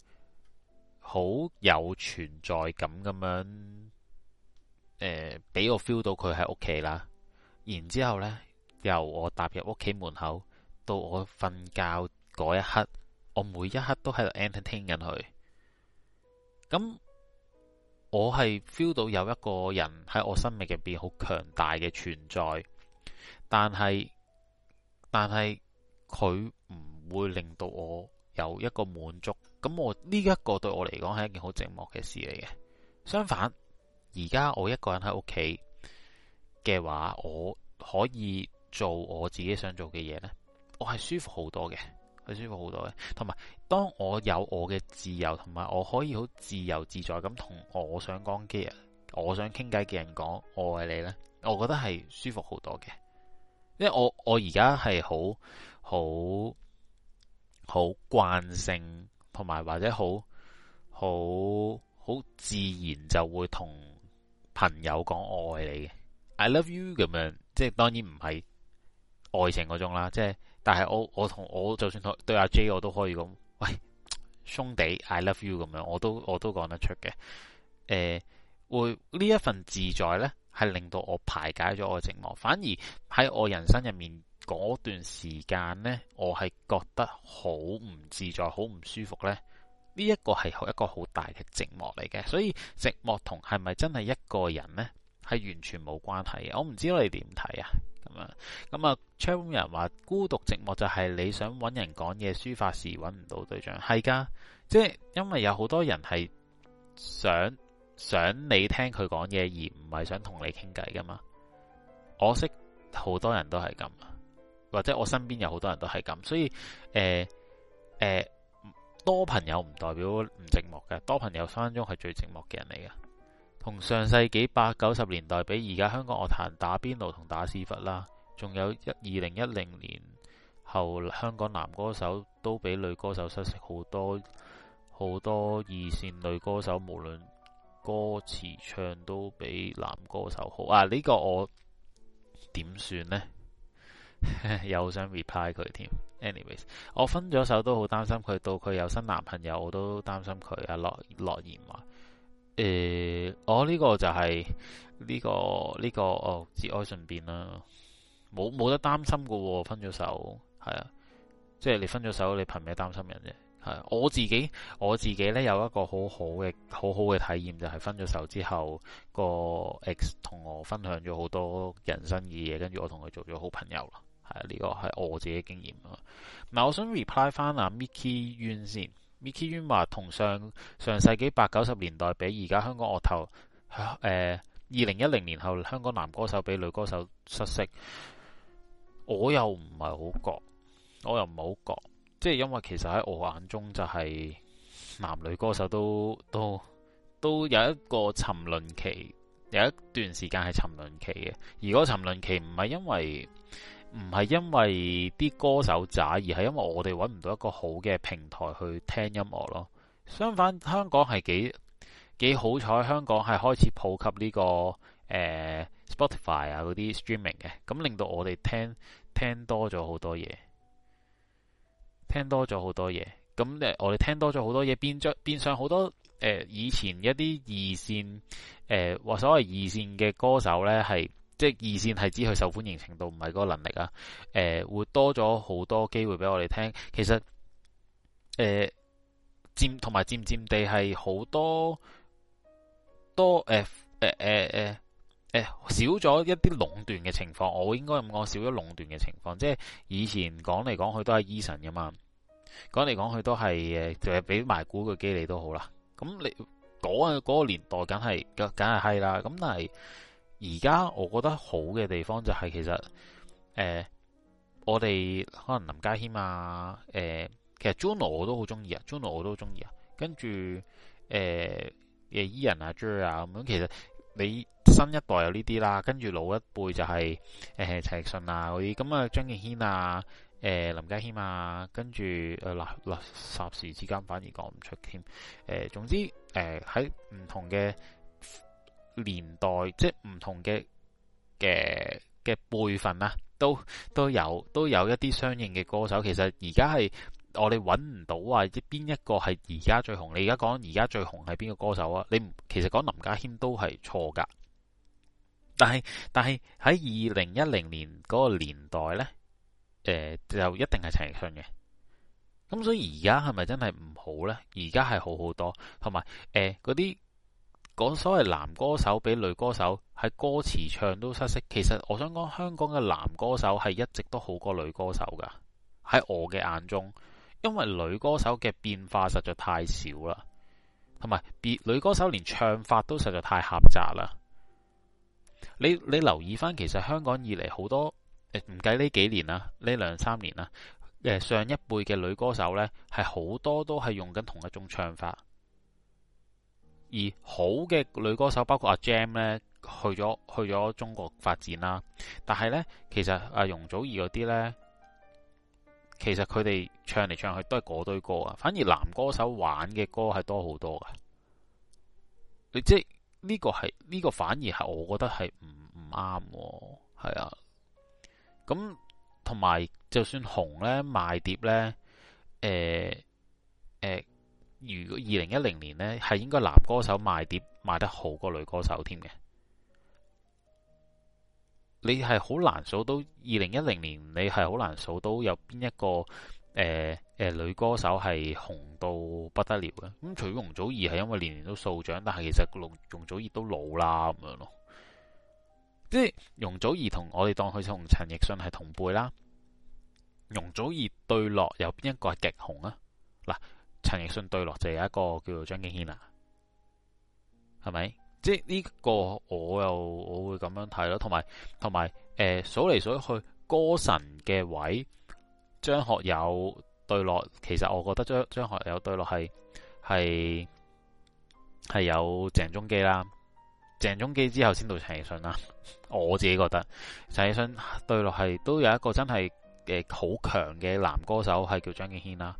好有存在感咁樣，誒、呃、俾我 feel 到佢喺屋企啦。然之後呢，由我踏入屋企門口到我瞓覺嗰一刻，我每一刻都喺度 entertain 緊佢。咁我係 feel 到有一個人喺我生命入邊好強大嘅存在，但係但係佢唔會令到我有一個滿足。咁我呢一、這個對我嚟講係一件好寂寞嘅事嚟嘅。相反，而家我一個人喺屋企。嘅話，我可以做我自己想做嘅嘢呢，我係舒服好多嘅，係舒服好多嘅。同埋，當我有我嘅自由，同埋我可以好自由自在咁同我想講嘅人，我想傾偈嘅人講我愛你呢，我覺得係舒服好多嘅。因為我我而家係好好好慣性，同埋或者好好好自然就會同朋友講我愛你嘅。I love you 咁樣，即係當然唔係愛情嗰種啦。即係，但係我我同我就算對阿 J，我都可以咁，喂，兄弟，I love you 咁樣，我都我都講得出嘅。誒、呃，會呢一份自在呢，係令到我排解咗我寂寞。反而喺我人生入面嗰段時間呢，我係覺得好唔自在，好唔舒服呢。呢一個係一個好大嘅寂寞嚟嘅。所以寂寞同係咪真係一個人呢？係完全冇關係嘅，我唔知你點睇啊？咁啊，咁啊，Charles 人話孤獨寂寞就係你想揾人講嘢，抒發時揾唔到對象，係噶，即係因為有好多人係想想你聽佢講嘢，而唔係想同你傾偈噶嘛。我識好多人都係咁，或者我身邊有好多人都係咁，所以誒誒多朋友唔代表唔寂寞嘅，多朋友分分鐘係最寂寞嘅人嚟嘅。同上世紀八九十年代比，而家香港樂壇打邊爐同打屎忽啦。仲有一二零一零年後香港男歌手都比女歌手失色好多，好多二線女歌手無論歌詞唱都比男歌手好啊！呢個我點算呢？ 又想 reply 佢添。Anyways，我分咗手都好擔心佢，到佢有新男朋友我都擔心佢啊！樂樂言話。誒，我呢、嗯哦，這個就係、是、呢、這個呢、這個哦，節哀順變啦，冇冇得擔心噶、哦，分咗手係啊，即係你分咗手，你憑咩擔心人啫？係、啊、我自己，我自己咧，有一個好好嘅好好嘅體驗，就係、是、分咗手之後個 ex 同我分享咗好多人生嘅嘢，跟住我同佢做咗好朋友啦。係啊，呢、這個係我自己經驗啊。嗱、嗯，我想 reply 翻阿 Micky 冤先。Micky Yuen 話同上上世紀八九十年代比，而家香港樂壇，誒，二零一零年後香港男歌手比女歌手失色，我又唔係好覺，我又唔係好覺，即係因為其實喺我眼中就係、是、男女歌手都都都有一個沉淪期，有一段時間係沉淪期嘅，而嗰沉淪期唔係因為。唔係因為啲歌手渣，而係因為我哋揾唔到一個好嘅平台去聽音樂咯。相反，香港係幾幾好彩，香港係開始普及呢、這個誒、呃、Spotify 啊，嗰啲 streaming 嘅，咁令到我哋聽聽多咗好多嘢，聽多咗好多嘢。咁誒我哋聽多咗好多嘢，變咗變相好多誒、呃、以前一啲二線誒或、呃、所謂二線嘅歌手咧係。即係，二線係指佢受歡迎程度，唔係嗰個能力啊。誒、呃，多多會多咗好多機會俾我哋聽。其實，誒、呃，漸同埋漸漸地係好多多誒誒誒誒誒，少咗一啲壟斷嘅情況。我應該咁講，少咗壟斷嘅情況。即係以前講嚟講去都係 Eason 㗎嘛，講嚟講去都係誒，就係俾埋股嘅機你都好啦。咁你嗰、那個嗰、那個年代，梗係梗梗係係啦。咁但係。而家我覺得好嘅地方就係其實，誒、呃，我哋可能林家謙啊，誒、呃，其實 Juno 我都好中意啊，Juno 我都中意啊，跟住，誒，誒，Ian 啊，Jer 啊，咁樣、呃啊啊、其實你新一代有呢啲啦，跟住，老一輩就係、是、誒，陳奕迅啊嗰啲，咁啊，張敬軒啊，誒、呃，林家謙啊，跟住，誒，嗱嗱霎時之間反而講唔出添，誒、呃，總之誒，喺、呃、唔同嘅。年代即係唔同嘅嘅嘅輩份啊，都都有都有一啲相應嘅歌手。其實而家係我哋揾唔到啊，即邊一個係而家最紅？你而家講而家最紅係邊個歌手啊？你其實講林家謙都係錯噶，但係但係喺二零一零年嗰個年代咧，誒、呃、就一定係陳奕迅嘅。咁所以而家係咪真係唔好咧？而家係好好多，同埋誒嗰啲。呃講所謂男歌手比女歌手係歌詞唱都失色，其實我想講香港嘅男歌手係一直都好過女歌手噶，喺我嘅眼中，因為女歌手嘅變化實在太少啦，同埋女歌手連唱法都實在太狹窄啦。你你留意翻，其實香港以嚟好多唔計呢幾年啦，呢兩三年啦，上一輩嘅女歌手呢，係好多都係用緊同一種唱法。而好嘅女歌手，包括阿 Jam 咧，去咗去咗中國發展啦。但係呢，其實阿容祖兒嗰啲呢，其實佢哋唱嚟唱去都係嗰堆歌啊。反而男歌手玩嘅歌係多好多噶。你即係呢個係呢個，反而係我覺得係唔唔啱。係啊，咁同埋就算紅呢，賣碟呢，誒、呃、誒。呃如果二零一零年呢，係應該男歌手賣碟賣得好過女歌手添嘅。你係好難數到二零一零年，你係好難數到有邊一個誒誒、呃呃、女歌手係紅到不得了嘅。咁除咗容祖兒係因為年年都掃獎，但係其實容祖兒都老啦咁樣咯。即、就、係、是、容祖兒同我哋當佢同陳奕迅係同輩啦。容祖兒對落有邊一個係極紅啊？嗱。陳奕迅對落就有一個叫做張敬軒啦，係咪？即係呢個我又我會咁樣睇咯，同埋同埋誒數嚟數去歌神嘅位，張學友對落，其實我覺得張張學友對落係係係有鄭中基啦，鄭中基之後先到陳奕迅啦， 我自己覺得陳奕迅對落係都有一個真係誒好強嘅男歌手係叫張敬軒啦。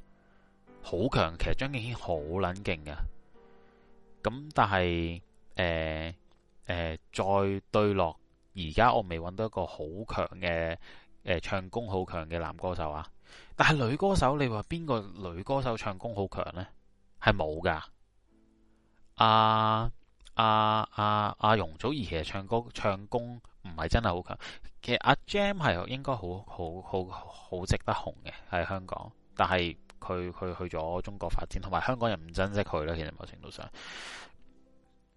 好強，其實張敬軒好撚勁嘅，咁但係誒誒再對落而家，我未揾到一個好強嘅誒唱功好強嘅男歌手啊，但係女歌手你話邊個女歌手唱功好強呢？係冇噶，阿阿阿阿容祖兒其實唱歌唱功唔係真係好強，其實阿 Jam 係應該好好好好值得紅嘅喺香港，但係。佢佢去咗中國發展，同埋香港人唔珍惜佢咧。其實某程度上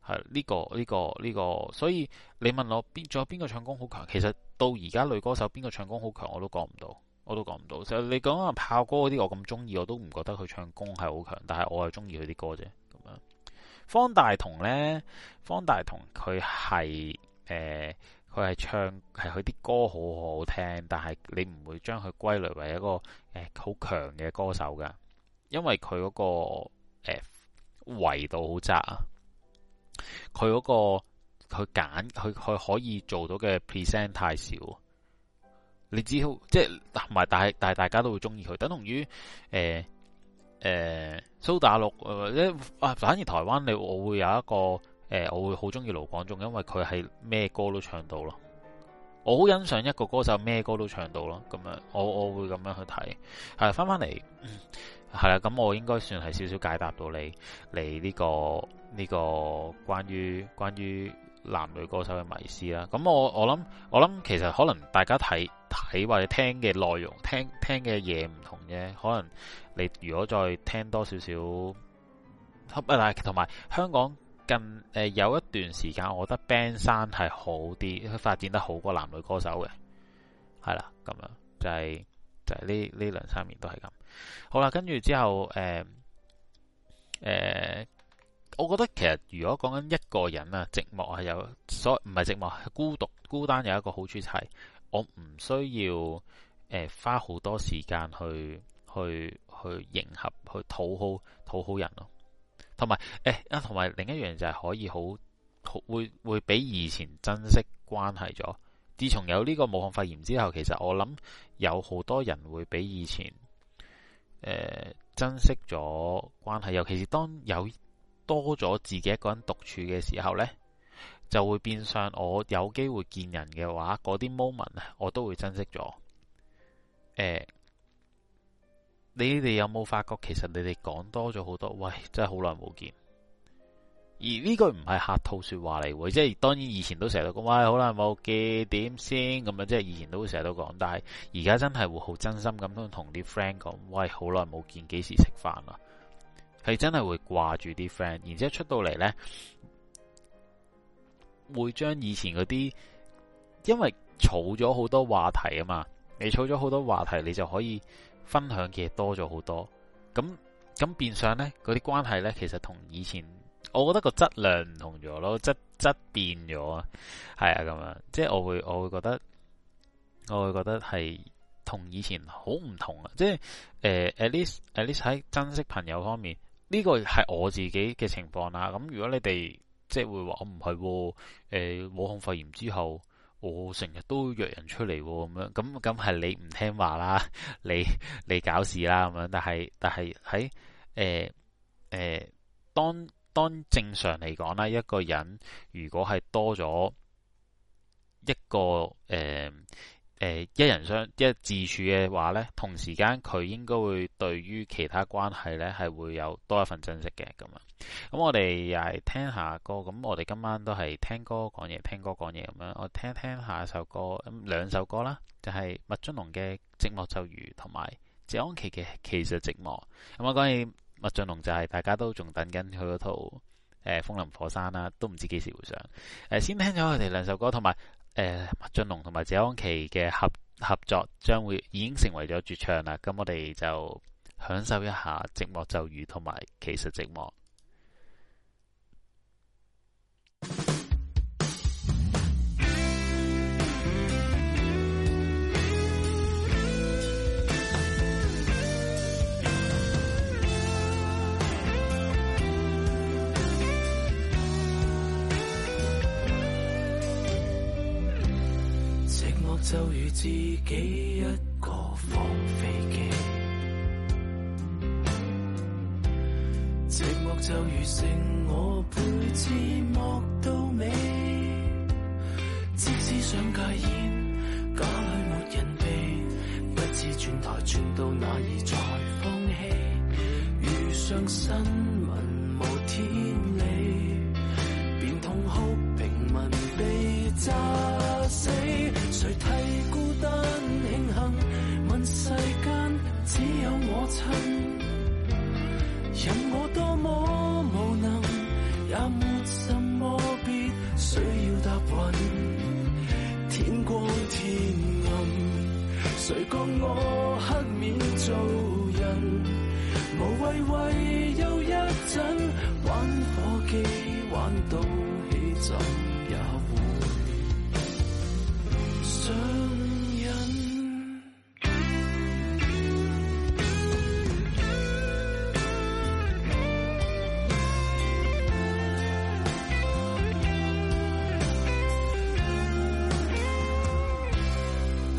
係呢個呢個呢個，所以你問我邊仲有邊個唱功好強？其實到而家女歌手邊個唱功好強，我都講唔到，我都講唔到。其實你講阿炮哥嗰啲，我咁中意，我都唔覺得佢唱功係好強，但係我係中意佢啲歌啫。咁樣方大同呢？方大同佢係誒。呃佢係唱，係佢啲歌好好聽，但係你唔會將佢歸類為一個誒好強嘅歌手噶，因為佢嗰個誒維度好窄啊，佢嗰個佢揀佢佢可以做到嘅 present 太少，你只好即係同埋但係大家都會中意佢，等同於誒誒蘇打綠或者啊，反而台灣你我會有一個。誒、欸，我會好中意盧廣仲，因為佢係咩歌都唱到咯。我好欣賞一個歌手咩歌都唱到咯，咁樣我我會咁樣去睇。係翻翻嚟，係啦，咁、嗯、我應該算係少少解答到你你呢、呢個呢、呢個關於關於男女歌手嘅迷思啦。咁我我諗我諗，其實可能大家睇睇或者聽嘅內容聽聽嘅嘢唔同啫。可能你如果再聽多少少，同埋香港。近誒、呃、有一段時間，我覺得 Band 山係好啲，發展得好過男女歌手嘅，係啦，咁樣就係、是、就係呢呢兩三年都係咁。好啦，跟住之後誒誒、呃呃，我覺得其實如果講緊一個人啊，寂寞係有所唔係寂寞，係孤獨孤單有一個好處就係我唔需要誒、呃、花好多時間去去去，去迎合去討好討好人咯。同埋，誒啊，同、哎、埋另一樣就係可以好，好會會比以前珍惜關係咗。自從有呢個武漢肺炎之後，其實我諗有好多人會比以前誒、呃、珍惜咗關係。尤其是當有多咗自己一個人獨處嘅時候呢，就會變相：「我有機會見人嘅話，嗰啲 moment 我都會珍惜咗。」呃你哋有冇發覺？其實你哋講多咗好多，喂，真係好耐冇見。而呢句唔係客套說話嚟喎，即係當然以前都成日都講，喂，好耐冇見，點先咁啊？即係以前都成日都講，但係而家真係會好真心咁樣同啲 friend 講，喂，好耐冇見，幾時食飯啊？係真係會掛住啲 friend，然之後出到嚟呢，會將以前嗰啲，因為儲咗好多話題啊嘛，你儲咗好多話題，你就可以。分享嘅多咗好多，咁咁變相呢，嗰啲關係呢，其實同以前，我覺得個質量唔同咗咯，質質變咗，係啊，咁樣，即係我會我會覺得，我會覺得係同以前好唔同啊！即係誒 At least, at least 喺珍惜朋友方面，呢、這個係我自己嘅情況啦。咁、嗯、如果你哋即係會話，我唔係喎，誒、哦，武、呃、漢肺炎之後。我成日都約人出嚟，咁、哦、樣，咁咁係你唔聽話啦，你你搞事啦咁樣，但係但係喺誒誒，當當正常嚟講啦，一個人如果係多咗一個誒。欸誒、呃，一人相一自處嘅話呢，同時間佢應該會對於其他關係呢係會有多一份珍惜嘅咁啊。咁我哋又係聽下歌，咁我哋今晚都係聽歌講嘢，聽歌講嘢咁樣。我聽聽下首歌，咁、嗯、兩首歌啦，就係、是、麥浚龍嘅《寂寞咒語》同埋謝安琪嘅《其實寂，寂寞》。咁我講起麥浚龍就係、是、大家都仲等緊佢嗰套誒、呃《風林火山、啊》啦，都唔知幾時會上。誒、呃，先聽咗佢哋兩首歌，同埋。誒麥浚龍同埋謝安琪嘅合合作將會已經成為咗絕唱啦，咁我哋就享受一下《寂寞就如》同埋《其實寂寞》。就如自己一個放飛機，寂寞就如剩我配字幕到尾。即使想戒煙，家裏冇人陪，不知轉台轉到哪兒再放棄。遇上新聞無天理，便痛哭平民被炸。 任我多麼無能，也沒什麼別需要答允。天光天暗，誰講我黑面做人？無謂為又一陣玩火機玩到。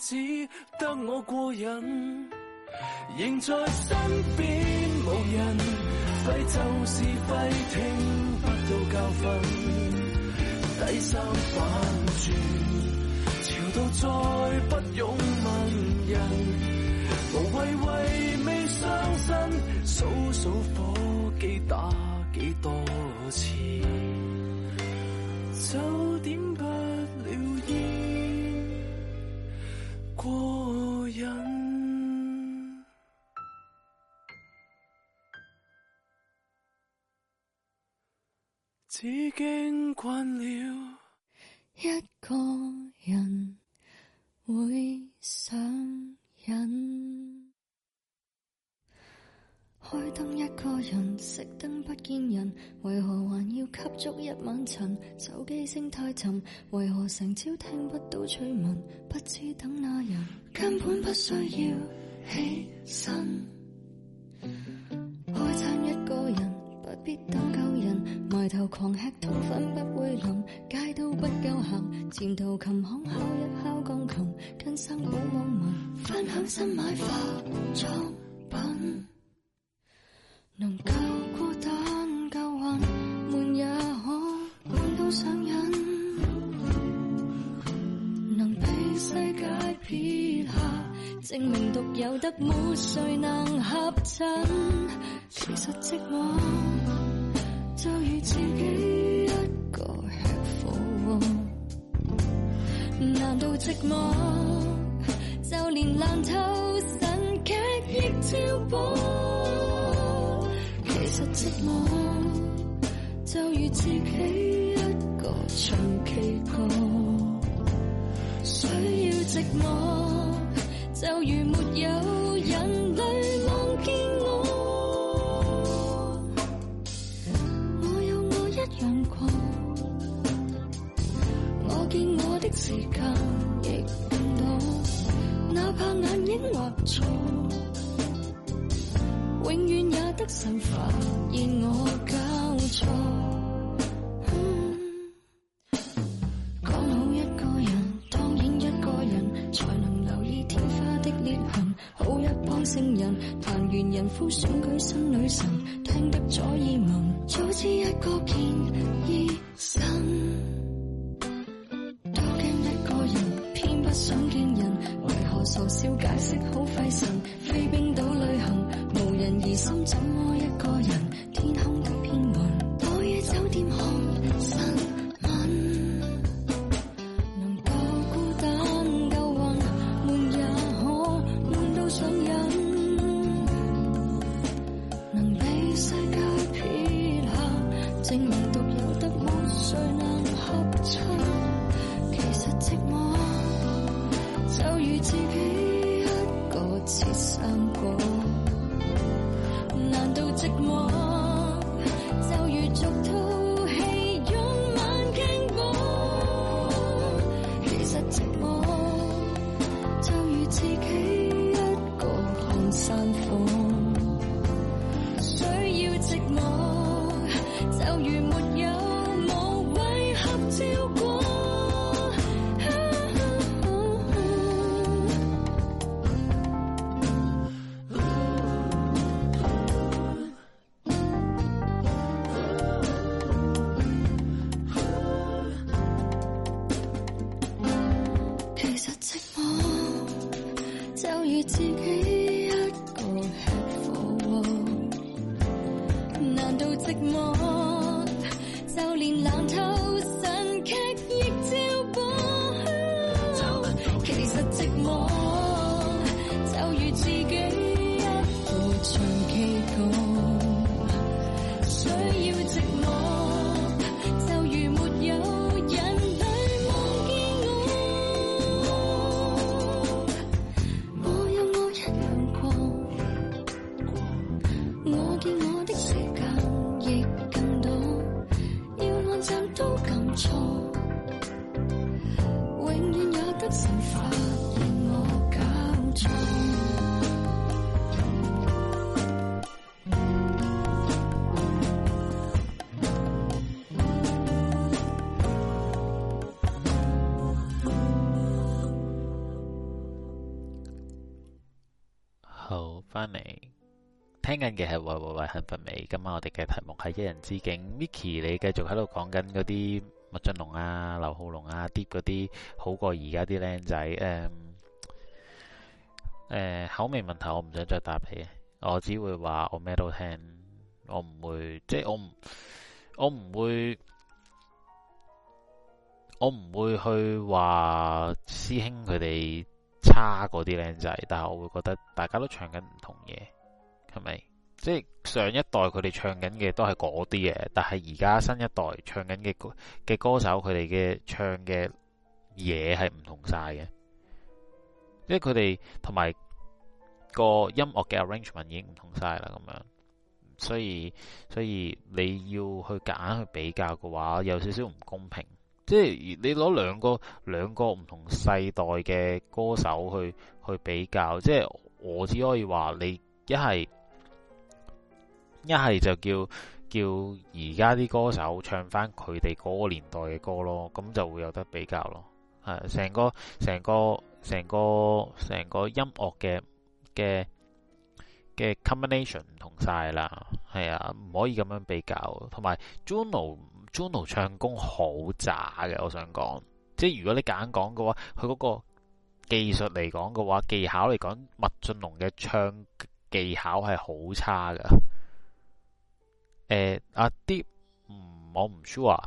只得我過癮，仍在身邊無人，廢就是廢，聽不到教訓，低三板轉，潮到再不用問人，無謂為未傷身，數數火機打幾多次，早點。過癮，只驚慣了一個人會上癮。開燈一個人，熄燈不見人，為何還要吸足一晚塵？手機聲太沉，為何成朝聽不到趣聞？不知等哪人，根本不需要起身。開餐一個人，不必等夠人，埋頭狂吃通粉不會淋。街都不夠行，前途琴行敲一敲鋼琴，跟三五網民分享新買化妝品。能夠孤單救魂，悶也可悶到上癮。能被世界撇下，證明獨有得，沒誰能合襯。其實寂寞，就如自己一個吃火鍋。難道寂寞，就連爛透神劇亦照播？寂寞就如自己一個唱 K 歌，需要寂寞就如沒有人類望見我，我有我一樣過，我見我的時間亦顛倒，哪怕眼影畫錯。的身發現我搞錯，講 好一個人，當然一個人，才能留意天花的裂痕。好一幫聖人，談完人夫選舉新女神，聽得左耳聞，早知一個。聽緊嘅係喂喂喂肯瞓未。今晚我哋嘅題目係一人之境。Mickey，你繼續喺度講緊嗰啲麥浚龍啊、劉浩龍啊啲嗰啲好過而家啲靚仔誒誒，口味問題，我唔想再答你，我只會話我咩都聽，我唔會即係、就是、我唔我唔會我唔會去話師兄佢哋差嗰啲靚仔，但係我會覺得大家都唱緊唔同嘢。係咪？即係上一代佢哋唱緊嘅都係嗰啲嘢，但係而家新一代唱緊嘅嘅歌手，佢哋嘅唱嘅嘢係唔同晒嘅，即係佢哋同埋個音樂嘅 arrangement 已經唔同晒啦。咁樣，所以所以你要去夾硬去比較嘅話，有少少唔公平。即係你攞兩個兩個唔同世代嘅歌手去去比較，即係我只可以話你一係。一係就叫叫而家啲歌手唱翻佢哋嗰個年代嘅歌咯，咁就會有得比較咯。係成個成個成個成個音樂嘅嘅嘅 combination 唔同晒啦，係啊，唔可以咁樣比較。同埋 Juno Juno 唱功好渣嘅，我想講，即係如果你揀講嘅話，佢嗰個技術嚟講嘅話，技巧嚟講，麥浚龍嘅唱技巧係好差噶。誒，阿啲，唔，我唔 sure。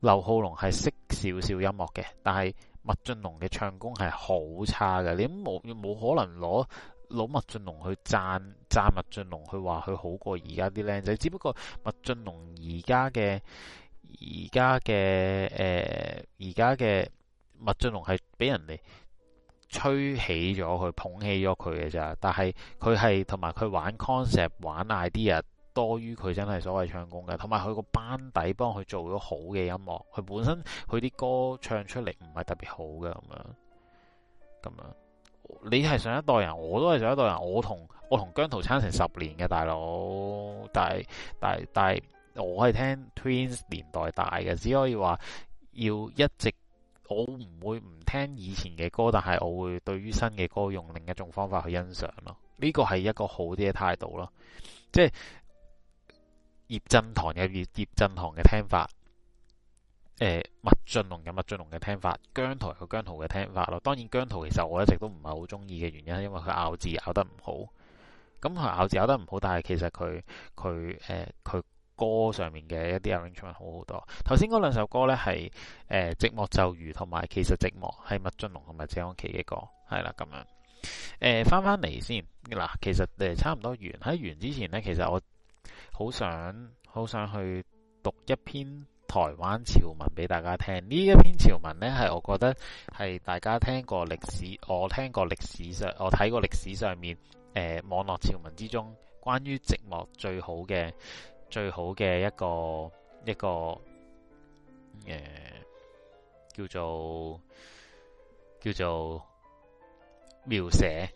劉浩龍係識少少音樂嘅，但係麥浚龍嘅唱功係好差嘅。你都冇冇可能攞攞麥浚龍去讚讚麥浚龍，去話佢好過而家啲靚仔。只不過麥浚龍而家嘅而家嘅誒而家嘅麥浚龍係俾人哋吹起咗，去捧起咗佢嘅咋。但係佢係同埋佢玩 concept，玩 idea。多於佢真係所謂唱功嘅，同埋佢個班底幫佢做咗好嘅音樂。佢本身佢啲歌唱出嚟唔係特別好嘅咁樣，咁樣你係上一代人，我都係上一代人。我同我同姜濤差成十年嘅大佬，但係但係但係我係聽 Twins 年代大嘅，只可以話要一直我唔會唔聽以前嘅歌，但係我會對於新嘅歌用另一種方法去欣賞咯。呢個係一個好啲嘅態度咯，即係。葉振棠嘅葉葉振棠嘅聽法，誒、呃、麥浚龍嘅麥浚龍嘅聽法，姜濤有姜濤嘅聽法咯。當然姜濤其實我一直都唔係好中意嘅原因，因為佢咬字咬得唔好。咁佢咬字咬得唔好，但係其實佢佢誒佢歌上面嘅一啲 arrangement 好好多。頭先嗰兩首歌呢，係誒、呃《寂寞就如》同埋《其實寂寞》，係麥浚龍同埋謝安琪嘅歌，係啦咁樣。誒翻翻嚟先嗱，其實誒差唔多完。喺完之前呢，其實我。好想好想去讀一篇台灣潮文俾大家聽，呢一篇潮文呢，係我覺得係大家聽過歷史，我聽過歷史上，我睇過歷史上面誒、呃、網絡潮文之中，關於寂寞最好嘅最好嘅一個一個誒、呃、叫做叫做描寫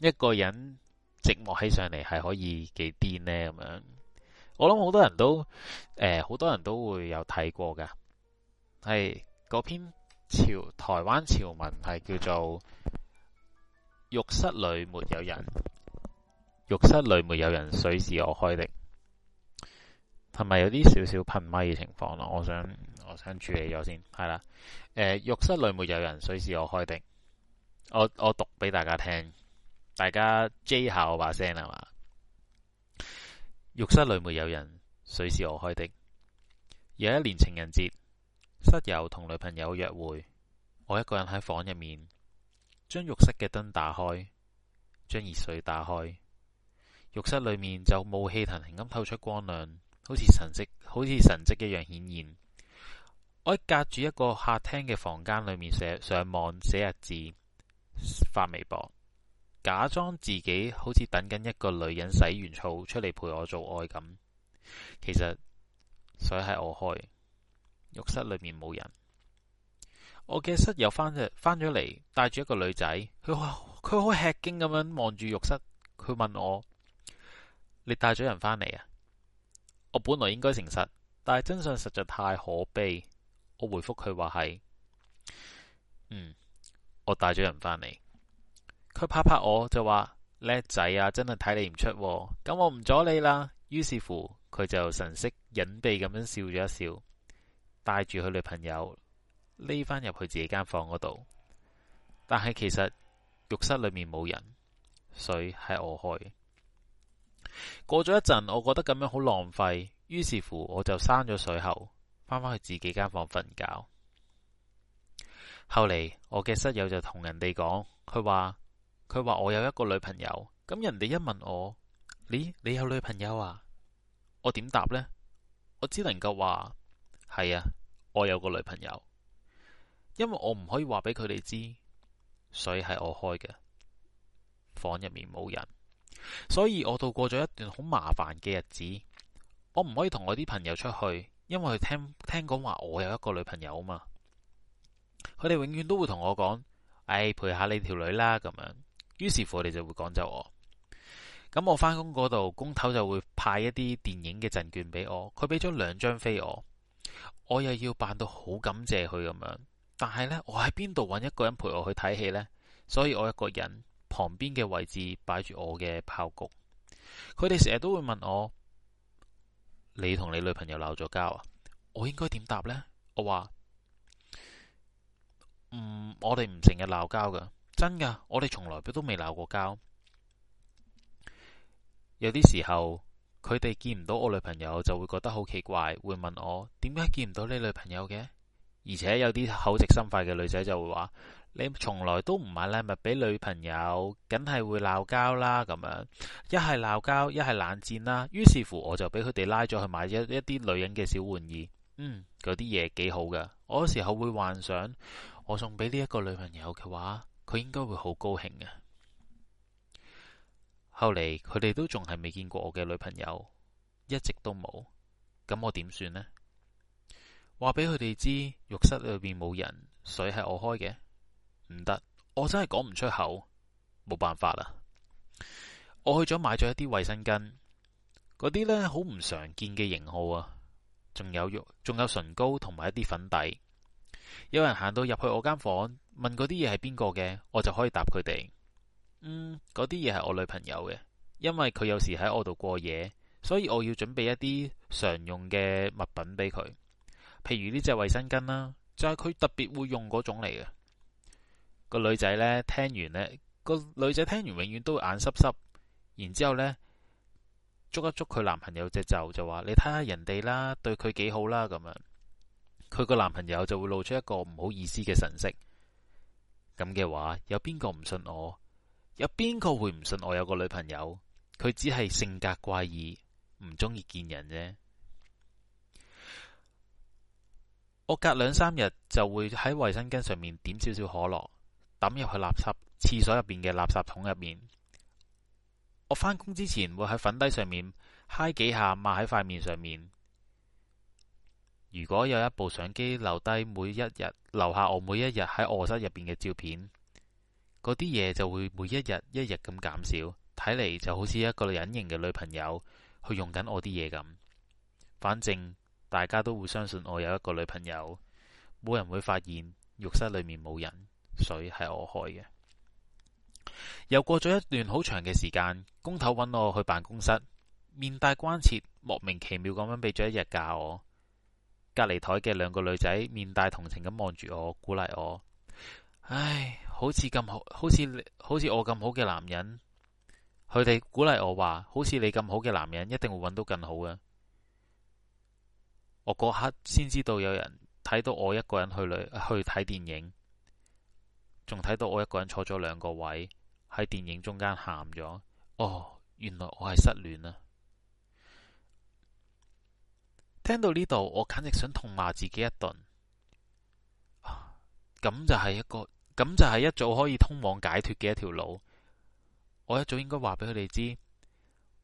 一個人。寂寞起上嚟係可以幾癲呢。咁樣，我諗好多人都，誒、呃，好多人都會有睇過噶。係嗰篇潮台灣潮文係叫做《浴室裏沒有人》浴有人有小小呃，浴室裏沒有人，水是我開的。係咪有啲少少噴咪嘅情況咯？我想我想處理咗先。係啦，浴室裏沒有人，水是我開的。我我讀俾大家聽。大家 J 下我把聲啦嘛，浴室裏沒有人，水是我開的。有一年情人節，室友同女朋友約會，我一個人喺房入面，將浴室嘅燈打開，將熱水打開，浴室裏面就霧氣騰騰咁透出光亮，好似神跡，好似神跡一樣顯現。我喺隔住一個客廳嘅房間裏面寫上網寫日誌，發微博。假裝自己好似等緊一個女人洗完澡出嚟陪我做愛咁，其實水係我開，浴室裏面冇人，我嘅室友翻翻咗嚟，帶住一個女仔，佢話佢好吃驚咁樣望住浴室，佢問我：你帶咗人翻嚟啊？我本來應該誠實，但係真相實在太可悲，我回覆佢話係，嗯，我帶咗人翻嚟。佢拍拍我就，就話叻仔啊！真係睇你唔出。哦、咁、嗯、我唔阻你啦。於是乎，佢就神色隱祕咁樣笑咗一笑，帶住佢女朋友匿返入去自己間房嗰度。但係其實浴室裏面冇人，水係我開。過咗一陣，我覺得咁樣好浪費，於是乎我就閂咗水喉，返返去自己間房瞓覺。後嚟我嘅室友就同人哋講，佢話。佢話我有一個女朋友，咁人哋一問我，你你有女朋友啊？我點答呢？我只能夠話係啊，我有個女朋友，因為我唔可以話俾佢哋知，所以係我開嘅房入面冇人，所以我度過咗一段好麻煩嘅日子。我唔可以同我啲朋友出去，因為佢聽聽講話我有一個女朋友啊嘛。佢哋永遠都會同我講，唉，陪下你條女啦，咁樣。於是乎，我哋就會趕走我。咁我返工嗰度，工頭就會派一啲電影嘅贈券俾我。佢俾咗兩張飛我，我又要扮到好感謝佢咁樣。但係呢，我喺邊度揾一個人陪我去睇戲呢？所以我一個人，旁邊嘅位置擺住我嘅爆谷。佢哋成日都會問我：你同你女朋友鬧咗交啊？我應該點答呢？我嗯，」我話唔，我哋唔成日鬧交噶。真噶，我哋從來都未鬧過交。有啲時候，佢哋見唔到我女朋友，就會覺得好奇怪，會問我點解見唔到你女朋友嘅？而且有啲口直心快嘅女仔就會話：你從來都唔買禮物俾女朋友，梗係會鬧交啦。咁樣一係鬧交，一係冷戰啦。於是乎，我就俾佢哋拉咗去買一一啲女人嘅小玩意。嗯，嗰啲嘢幾好噶。我嗰時候會幻想，我送俾呢一個女朋友嘅話。佢應該會好高興嘅。後嚟佢哋都仲係未見過我嘅女朋友，一直都冇。咁我點算呢？話俾佢哋知浴室裏邊冇人，水係我開嘅，唔得，我真係講唔出口，冇辦法啦。我去咗買咗一啲衛生巾，嗰啲呢好唔常見嘅型號啊，仲有仲有唇膏同埋一啲粉底。有人行到入去我間房，問嗰啲嘢係邊個嘅，我就可以答佢哋。嗯，嗰啲嘢係我女朋友嘅，因為佢有時喺我度過夜，所以我要準備一啲常用嘅物品俾佢，譬如呢隻衛生巾啦，就係佢特別會用嗰種嚟嘅。個女仔呢，聽完呢個女仔聽完永遠都眼濕濕，然之後呢捉一捉佢男朋友隻袖，就話你睇下人哋啦，對佢幾好啦，咁樣。佢個男朋友就會露出一個唔好意思嘅神色。咁嘅話，有邊個唔信我？有邊個會唔信我有個女朋友？佢只係性格怪異，唔中意見人啫。我隔兩三日就會喺衛生巾上面點少少可樂，抌入去垃圾廁所入邊嘅垃圾桶入面。我返工之前會喺粉底上面嗨幾下，抹喺塊面上面。如果有一部相機留低每一日留下我每一日喺臥室入邊嘅照片，嗰啲嘢就會每一日一日咁減少。睇嚟，就好似一個隱形嘅女朋友去用緊我啲嘢咁。反正大家都會相信我有一個女朋友，冇人會發現浴室裏面冇人，水係我開嘅。又過咗一段好長嘅時間，工頭揾我去辦公室，面帶關切，莫名其妙咁樣俾咗一日假我。隔籬台嘅兩個女仔面帶同情咁望住我，鼓勵我。唉，好似咁好，好似好似我咁好嘅男人，佢哋鼓勵我話，好似你咁好嘅男人，一定會揾到更好嘅。我嗰刻先知道有人睇到我一個人去去睇電影，仲睇到我一個人坐咗兩個位喺電影中間喊咗。哦，原來我係失戀啊。聽到呢度，我簡直想痛罵自己一頓。咁、啊、就係一個，咁就係一早可以通往解脫嘅一條路。我一早應該話俾佢哋知，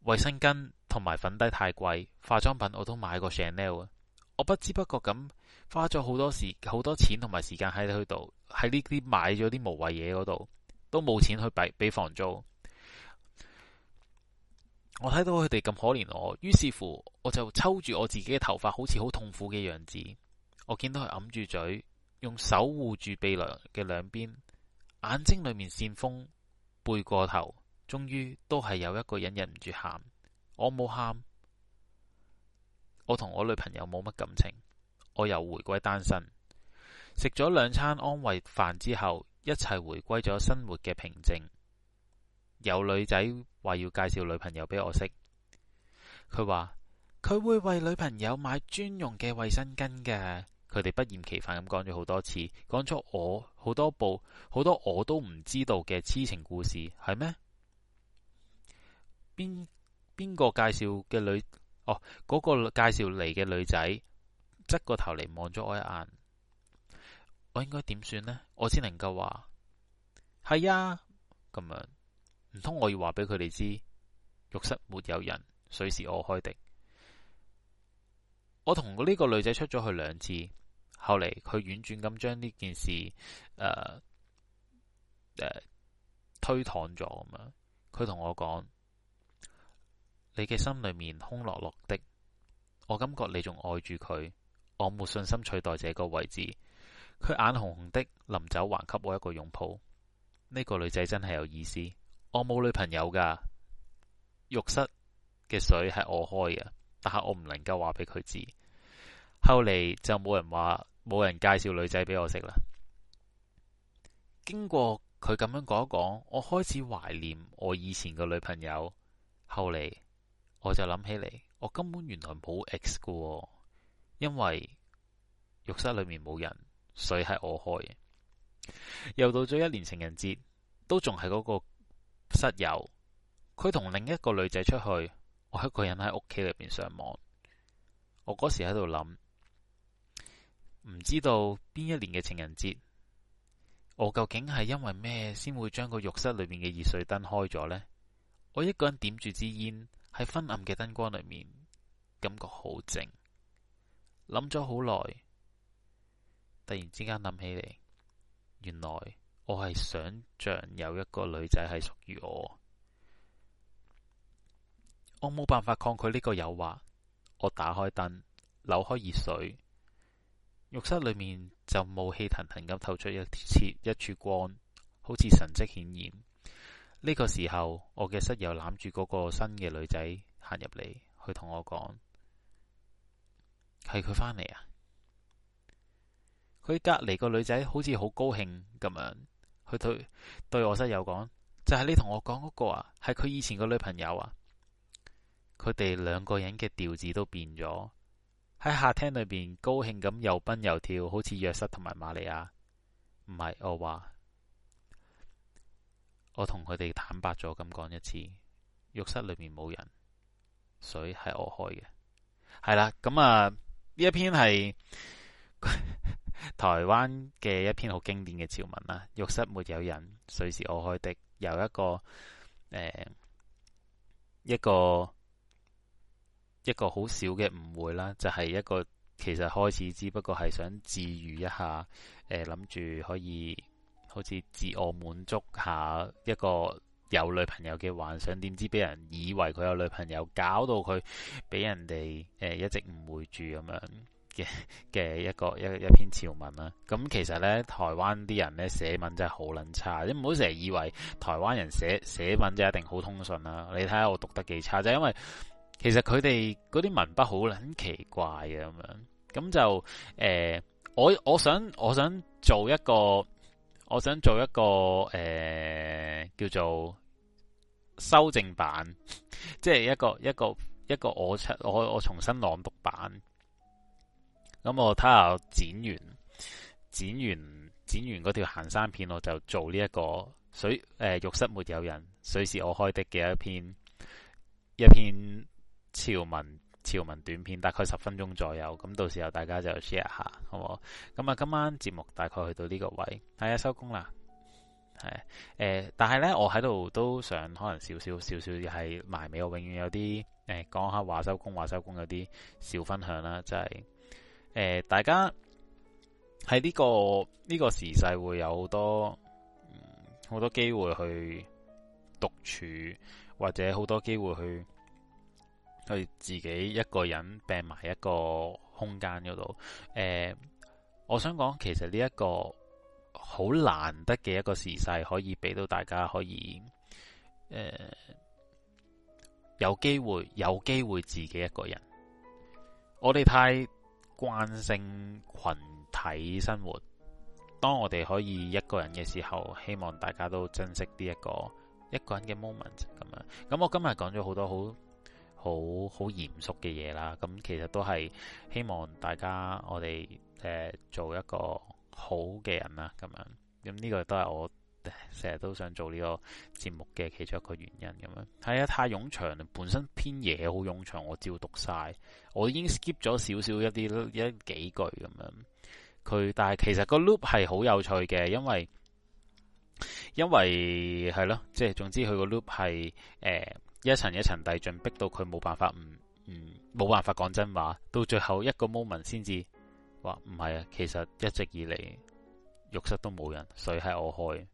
衛生巾同埋粉底太貴，化妝品我都買過 Chanel 啊！我不知不覺咁花咗好多時、好多錢同埋時間喺佢度，喺呢啲買咗啲無謂嘢嗰度，都冇錢去俾俾房租。我睇到佢哋咁可憐我，於是乎我就抽住我自己嘅頭髮，好似好痛苦嘅樣子。我見到佢揞住嘴，用手護住鼻梁嘅兩邊，眼睛裏面煽風，背過頭，終於都係有一個人忍忍唔住喊。我冇喊，我同我女朋友冇乜感情，我又回歸單身。食咗兩餐安慰飯之後，一齊回歸咗生活嘅平靜。有女仔，話要介紹女朋友俾我識，佢話佢會為女朋友買專用嘅衛生巾嘅，佢哋不厭其煩咁講咗好多次，講出我好多部好多我都唔知道嘅癡情故事，係咩？邊邊個介紹嘅女？哦，嗰、嗰個介紹嚟嘅女仔，側個頭嚟望咗我一眼，我應該點算呢？我先能夠話係啊，咁樣。唔通我要話俾佢哋知，浴室沒有人，水是我開的。我同呢個女仔出咗去兩次，後嚟佢婉轉咁將呢件事，呃呃、推搪咗咁樣。佢同我講：你嘅心裏面空落落的，我感覺你仲愛住佢。我冇信心取代這個位置。佢眼紅紅的，臨走還給我一個擁抱。呢、這個女仔真係有意思。我冇女朋友噶，浴室嘅水係我開嘅，但係我唔能夠話俾佢知。後嚟就冇人話，冇人介紹女仔俾我食啦。經過佢咁樣講一講，我開始懷念我以前個女朋友。後嚟我就諗起嚟，我根本原來冇 ex 嘅，因為浴室裏面冇人，水係我開。又到咗一年情人節，都仲係嗰個。室友，佢同另一個女仔出去，我一個人喺屋企裏邊上網。我嗰時喺度諗，唔知道邊一年嘅情人節，我究竟係因為咩先會將個浴室裏面嘅熱水燈開咗呢？我一個人點住支煙喺昏暗嘅燈光裏面，感覺好靜。諗咗好耐，突然之間諗起嚟，原來。我係想象有一個女仔係屬於我，我冇辦法抗拒呢個誘惑。我打開燈，扭開熱水，浴室裏面就霧氣騰騰咁透出一切一束光，好似神跡顯現。呢個時候，我嘅室友攬住嗰個新嘅女仔行入嚟，佢同我講：係佢返嚟啊！佢隔籬個女仔好似好高興咁樣。佢對，對我室友講，就係、是、你同我講嗰個啊，係佢以前個女朋友啊。佢哋兩個人嘅調子都變咗，喺客廳裏邊高興咁又蹦又跳，好似約瑟同埋瑪利亞。唔係，我話我同佢哋坦白咗咁講一次，浴室裏面冇人，水係我開嘅。係啦，咁啊呢一篇係。台灣嘅一篇好經典嘅潮文啦，浴室沒有人，水是我開的，有一個、呃、一個一個好小嘅誤會啦，就係、是、一個其實開始只不過係想治愈一下，誒諗住可以好似自我滿足一下一個有女朋友嘅幻想，點知俾人以為佢有女朋友，搞到佢俾人哋誒、呃、一直誤會住咁樣。嘅嘅一個一一篇潮文啦，咁其實呢，台灣啲人呢寫文真係好撚差，你唔好成日以為台灣人寫寫文就一定好通順啦。你睇下我讀得幾差，就係因為其實佢哋嗰啲文筆好撚奇怪嘅咁樣，咁就誒、呃，我我想我想做一個，我想做一個誒、呃、叫做修正版，即、就、係、是、一個一個一個，一個我出我我重新朗讀版。咁我睇下剪完，剪完剪完嗰條行山片，我就做呢、這、一個水誒、呃、浴室沒有人水是我開的嘅一篇一篇潮文潮文短片，大概十分鐘左右。咁到時候大家就 share 下好唔好？咁、嗯、啊，今晚節目大概去到呢個位，大家收工啦，係誒。但係呢，我喺度都想可能少少少少，又係埋尾。我永遠有啲誒講下話收工話收工有啲小分享啦，就係。誒、呃，大家喺呢、這個呢、這個時勢會有好多好、嗯、多機會去獨處，或者好多機會去去自己一個人病埋一個空間嗰度。誒、呃，我想講，其實呢一個好難得嘅一個時勢，可以俾到大家可以誒、呃、有機會，有機會自己一個人。我哋太。慣性群體生活，當我哋可以一個人嘅時候，希望大家都珍惜呢、這、一個一個人嘅 moment 咁樣。咁、嗯、我今日講咗好多好好好嚴肅嘅嘢啦，咁、嗯、其實都係希望大家我哋誒、呃、做一個好嘅人啦，咁樣。咁、嗯、呢、這個都係我。成日都想做呢個節目嘅，其中一個原因咁樣係啊、哎。太冗長，本身篇嘢好冗長，我照讀晒，我已經 skip 咗少少一啲一,一幾句咁樣。佢但係其實個 loop 係好有趣嘅，因為因為係咯，即係總之佢個 loop 係誒、呃、一層一層遞進，逼到佢冇辦法唔唔冇辦法講真話，到最後一個 moment 先至話唔係啊，其實一直以嚟，浴室都冇人，水係我開。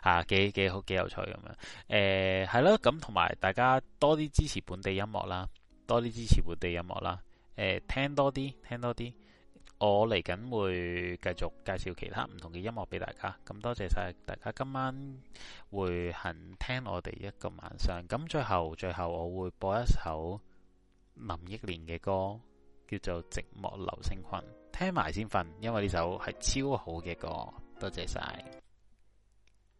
啊，幾幾好，幾有趣咁樣，誒、呃，係咯，咁同埋大家多啲支持本地音樂啦，多啲支持本地音樂啦，誒、呃，聽多啲，聽多啲，我嚟緊會繼續介紹其他唔同嘅音樂俾大家，咁、嗯、多謝晒大家今晚會肯聽我哋一個晚上，咁、嗯、最後最後我會播一首林憶蓮嘅歌，叫做《寂寞流星群》，聽埋先瞓，因為呢首係超好嘅歌，多謝晒。